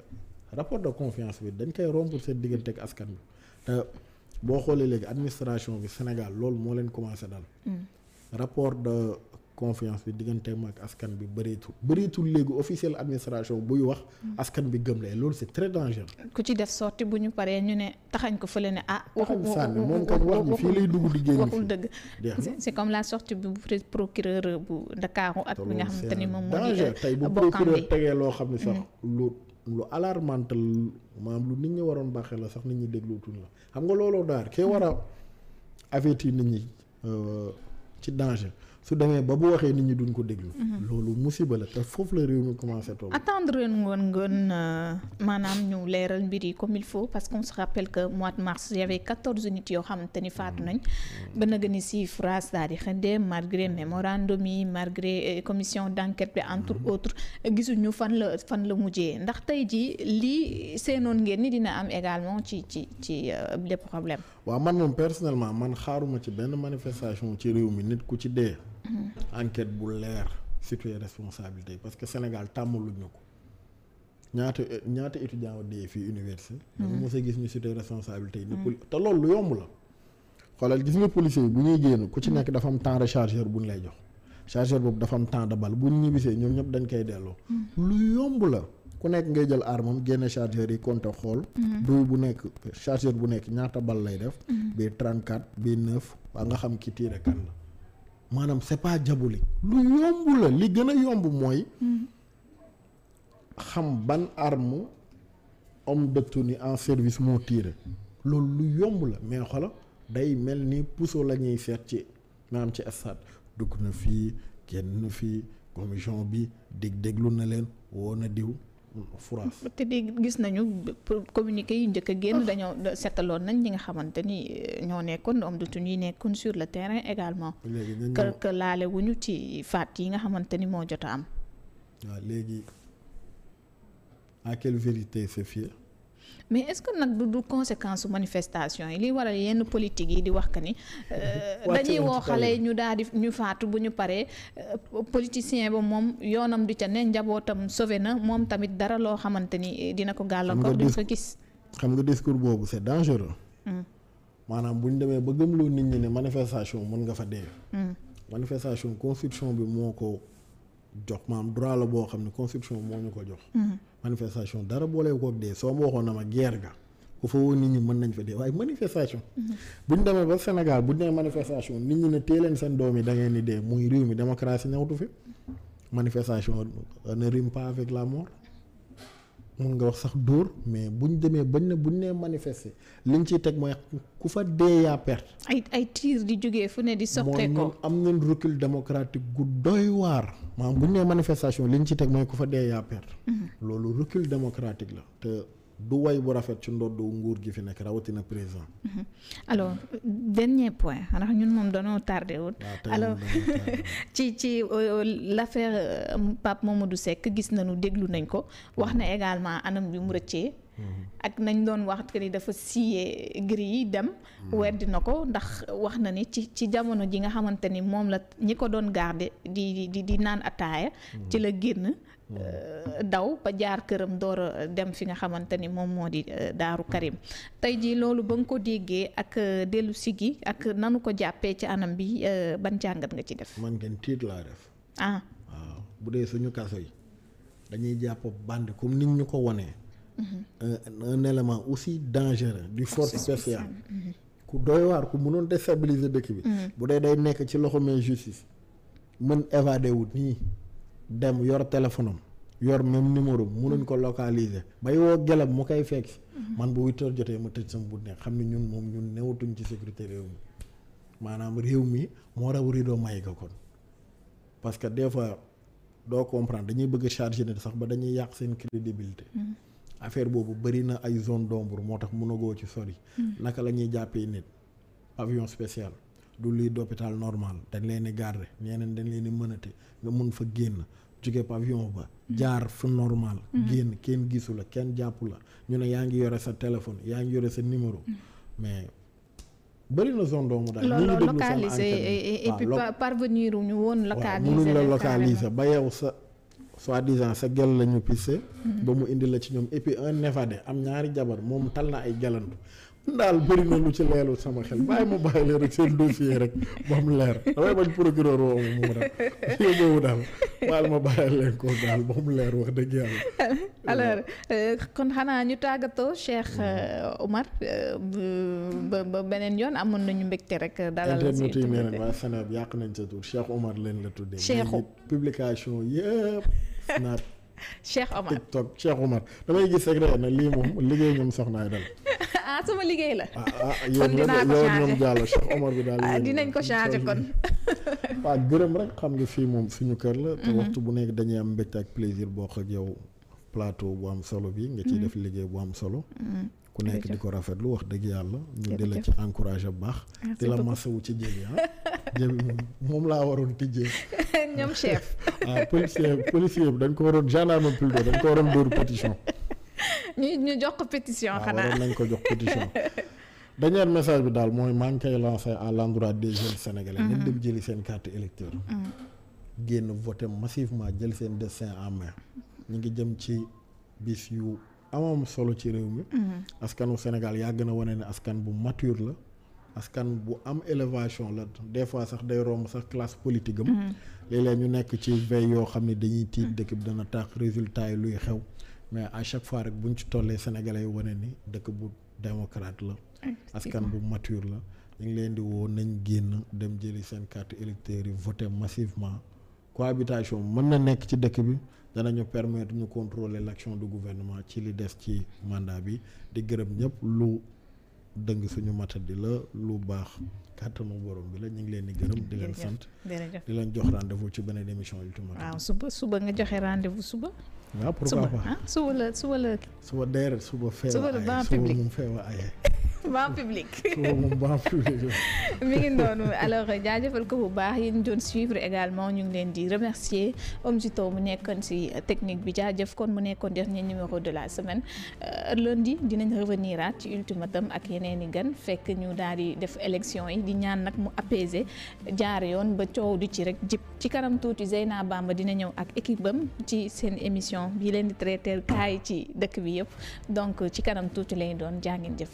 rapport de confiance bi dañ koy rompre seen diggante ak askan bi boo xoolee léegi administration bi Sénégal loolu moo leen commencé dal. Hmm. rapport de confiance bi digganteem ak askan bi bëreetul bëreetul léegi officiel administration buy wax. Hmm. askan bi gëm la loolu c'est très dangereux. ku ci def sorti bu ñu paree ñu ne taxañ ko fële ne ah. waxuñ sànni moom kat wax bi fii lay dugg di génn waxul c'est comme la sortie bu procureur bu Ndakaaru ak. bi nga xamante ni moom moo di. tey bu procureur tegee loo xam ne sax hmm. lu. lu alarmante maanaam lu nit ñi waroon baaxee la sax nit ñi dégluwutuñ la xam nga looloo daar kee war a avertir nit ñi euh, ci danger su demee ba bu waxee nit ñi duñ ko déglu. Mhm. loolu musiba la te foofu la réew mi commencé toog. attendre leen woon euh, maanaam ñu leeral mbir yi comme il faut parce que mois de mars y avait quatorze nit yoo xamante ni faatu mhm. nañ. Mhm. ba nag ni si France daal di xëndee margré mémorandum yi malgré euh, commission d'enquête bi entre autres gisuñu fan la fan la mujjee ndax tey jii lii seenoon ngeen ni dina am également ci ci ci euh, les problèmes. waa man moom personnellement man xaaruma ci benn manifestation ci réew mi nit ku ci dee. Mm-hmm. enquête bu leer situer responsabilité parce que Sénégal tàmmaluñu ko ñaata ñaata étudiant dee fii université mm-hmm. dama mos a gis ñu situer responsabilité yi ne mm-hmm. te loolu lu yomb la xoolal gis nga policier yi bu ñuy génn ku ci nekk dafa am temps rechargeur bu ñu lay jox chargeur boobu dafa am temps de balle bu ñibbisee ñoom ñëpp dañ koy delloo lu yomb la ku nekk ngay jël armam génn chargeur yi compté xool duy bu nekk chargeur bu nekk ñaata bal lay def bii 34 bii 9 nga xam ki tiire kan maanaam c'est pas diabolique lu yomb la li gën a yomb mooy xam ban arme homme de tenue en service moo tiire loolu lu yomb la mais xola day mel ni puso lañuy ñuy seet ci maanaam ci stade dugg na fii génn na fii commission bi dig déglu na leen woo na diw furaas te di gis nañu pour communiqué yi njëkk a génn oh. dañoo seetaloon nañ ñi nga xamante ni eh, ñoo nekkoon homme de tenue yi nekkoon sur le terrain également que que laale wuñu ci faat yi nga xamante ni moo jot a am waaw léegi à quelle vérité se fier mais est-ce que nag du du conséquence su manifestation yi li waral yenn politique yi di wax que ni. Euh, dañuy woo xale yi ñu daal di ñu faatu bu ñu paree euh, politicien ba moom yoonam du ca ne njabootam sauvé na moom tamit dara loo xamante ni eh, dina ko gàllankoor. duñ ko gis xam nga discours boobu c'est dangereux. Hmm. maanaam bu ñu demee ba gëmloo nit ñi ne manifestation mun nga fa dee. Hmm. manifestation constitution bi moo ko jox maam droit la boo xam ne constitution moo ñu ko jox. Hmm. manifestation dara boole koog soo ma waxoon na ma guerre ga ku fa nit ñi mën nañ fa dee waaye manifestation. Mhm. bu ñu demee ba Sénégal bu ñu nee manifestation nit ñi ne teeleen seen doom yi da ngeen di dee muy réew mi démocratie ñëwatu fi manifestation ne rime pas avec la mort. mun nga wax sax dóor mais buñ demee bañ na buñ nee manifester ñu ciy teg mooy ku fa dee yaa perte. ay ay tiir di jógee fu ne di. soqe ko am nañ recul démocratique gu doy waar. maanaam buñ nee manifestation ñu ciy teg mooy ku fa dee yaa perte. Mhm. loolu recul démocratique la te. du woy bu rafet ci ndoddu nguur gi fi nekk rawatina président. Mhm. alors dernier point ndax ñun moom danoo tardé woon alors [laughs] ci ci euh, euh, l' affaire euh, Pape Mamadou Seck gis nañu déglu nañ ko wax na mhm. également anam bi mu rëccee. Mhm. ak nañ doon wax que ni dafa siyee gri yi dem. weddi na ko ndax wax na ni ci ci jamono ji nga xamante ni moom la ñi ko doon garder di di di naan ataaya. ci la génn. Euh, daw ba jaar këram door a dem si nga xamante ni moom moo di euh, Daaru Karim tey jii loolu ba nga ko déggee ak euh, dellusi si gi ak nanu ko jàppee ci anam bi ban jàngat nga ci def. man ngeen tiit laa def. ah waaw bu dee suñu kaso yi dañuy jàpp bande comme nit ñu ko wone mhm. un élément aussi dangereux du force spéciale mhm. ku doy waar ku mënoon déstabiliser dëkk bi. Mhm. bu dee day nekk ci loxo main justice mën évadé nii. dem yor téléphone am yor même numéro munuñ ko localiser bay woo gelam mu koy fekk mhm. man bu huit jotee ma tëj sama bunt ne xam ne ñun moom ñun newatuñ ci sécurité réew mi maanaam réew mi moo raw rido may ga kon parce que des fois doo comprendre dañuy bëgg chargé nit sax ba dañuy yàq seen crédibilité mhm. affaire boobu bëri na ay zone d'ombre moo tax mënagoo ci sori mhm. naka la ñuy jàppee nit pavillon spécial du lii d'hôpital normal dañ leen di garder ñeneen dañ leen di mënate nga mun fa génn jóge pavillon ba mm. jaar fu normal mm-hmm. génn kenn gisu la kenn jàpp la ñu ne yaa ngi yore sa téléphone yaa ngi yore sa numéro mm. mais bëri na zone doomu daal loolu localiser et puis ñu woon localiser mënuñ la localiser ba yow sa soi-disant sa gel la ñu pisse mm-hmm. ba mu indi la ci ñoom et un évadé am ñaari jabar moom tal na ay gelantu ndaal bëri na lu ci leelu sama xel bàyyi ma seen dossier rek ba mu leer damay bañ procureur woo ma mu daal daal baal ma leen ko daal ba mu leer wax dëgg yàlla. alors euh, kon xanaa ñu tàggatoo Cheikh mm. euh, Omar euh, ba ba beneen yoon amoon nañu mbégte rek. dalal la si internet yi nee nañ waa Sénégal yàq nañ sa tur Cheikh Omar leen la tuddee. Cheikh publication yëpp naat. Cheikh Omar TikTok Cheikh Omar damay gis rek na lii moom liggéey ñoom soxnaay dal. [laughs] ah sama liggéey la. Ah, ah, ah, kon daal. [laughs] dinañ ko changé kon. [laughs] waaw gërëm rek xam nga fii moom suñu kër la. te mhm. waxtu bu nekk dañuy am mbégte ak plaisir bokk ak yow plateau bu am solo bi. nga ci mhm. def liggéey bu am solo. Mhm. ku nekk di ko rafetlu wax dëgg yàlla. ñu di la ci encouragé bu baax. di la masawu ci jébi ah. moom laa waroon tijjee. [laughs] ñoom chef. [laughs] ah policier bi dañ ko waroon gendarme plutôt dañ ko waroon dóor pétition. [laughs] ñu ñu jox ko pétition ah, xanaa waroon nañ ko jox pétition. dernier message bi daal mooy maa ngi koy lancé à l' endroit des jeunes sénégalais. nañ mm-hmm. dem jëli seen carte électeur. Mm-hmm. génn voté massivement jël seen destin en main. ñu ngi jëm ci bis yu. amam solo ci réew mi. Mhm. askanu Sénégal yàgg na wane ne askan bu mature la. askan bu am élévation la des fois sax day romb sax classe politique am. Mhm. léeg ñu nekk ci veille yoo xam ni dañuy tiit mhm. dëkk bi dana tax résultat yi luy xew mais à chaque fois rek buñ ci tollee sénégalais yi wane ni dëkk bu démocrate la. askan bu mature la. ñu leen di woo nañ génn dem jëli seen carte électeur yi voté massivement cohabitation mën na nekk ci dëkk bi. ñu permettre ñu contrôler l'action du gouvernement ci li def ci mandat bi di gërëm ñëpp lu dëng suñu di la lu baax kàttanu borom bi la ñu ngi leen di gërëm di leen sant di leen jox rendez-vous ci beneen émission Ultimatum waaw suba suba nga joxe rendez suba waaw pourquoi pas ah, suba la suba la. suba d'ailleurs suba fee suba la ban public [laughs] [laughs] suba moom fee waa aye. ban public. suba moom ban public mi ngi noonu alors jaajëfal ko bu baax yéen doon suivre également ñu ngi leen di remercier om si taw mu nekkoon si technique bi jaajëf kon mu nekkoon dernier numéro de la semaine euh, lundi dinañ revenir at ci ultimatum ak yeneen i gan fekk ñu daal di def élection yi di ñaan nag mu apaiser jaar yoon ba coow du ci rek jip ci kanam tuuti Zeyna Bamba dina ñëw ak équipe bam ci seen émission. bii bi leen di traiter kaa ci dëkk bi yëpp donc ci kanam tuuti lay doon jaa ngeen jëf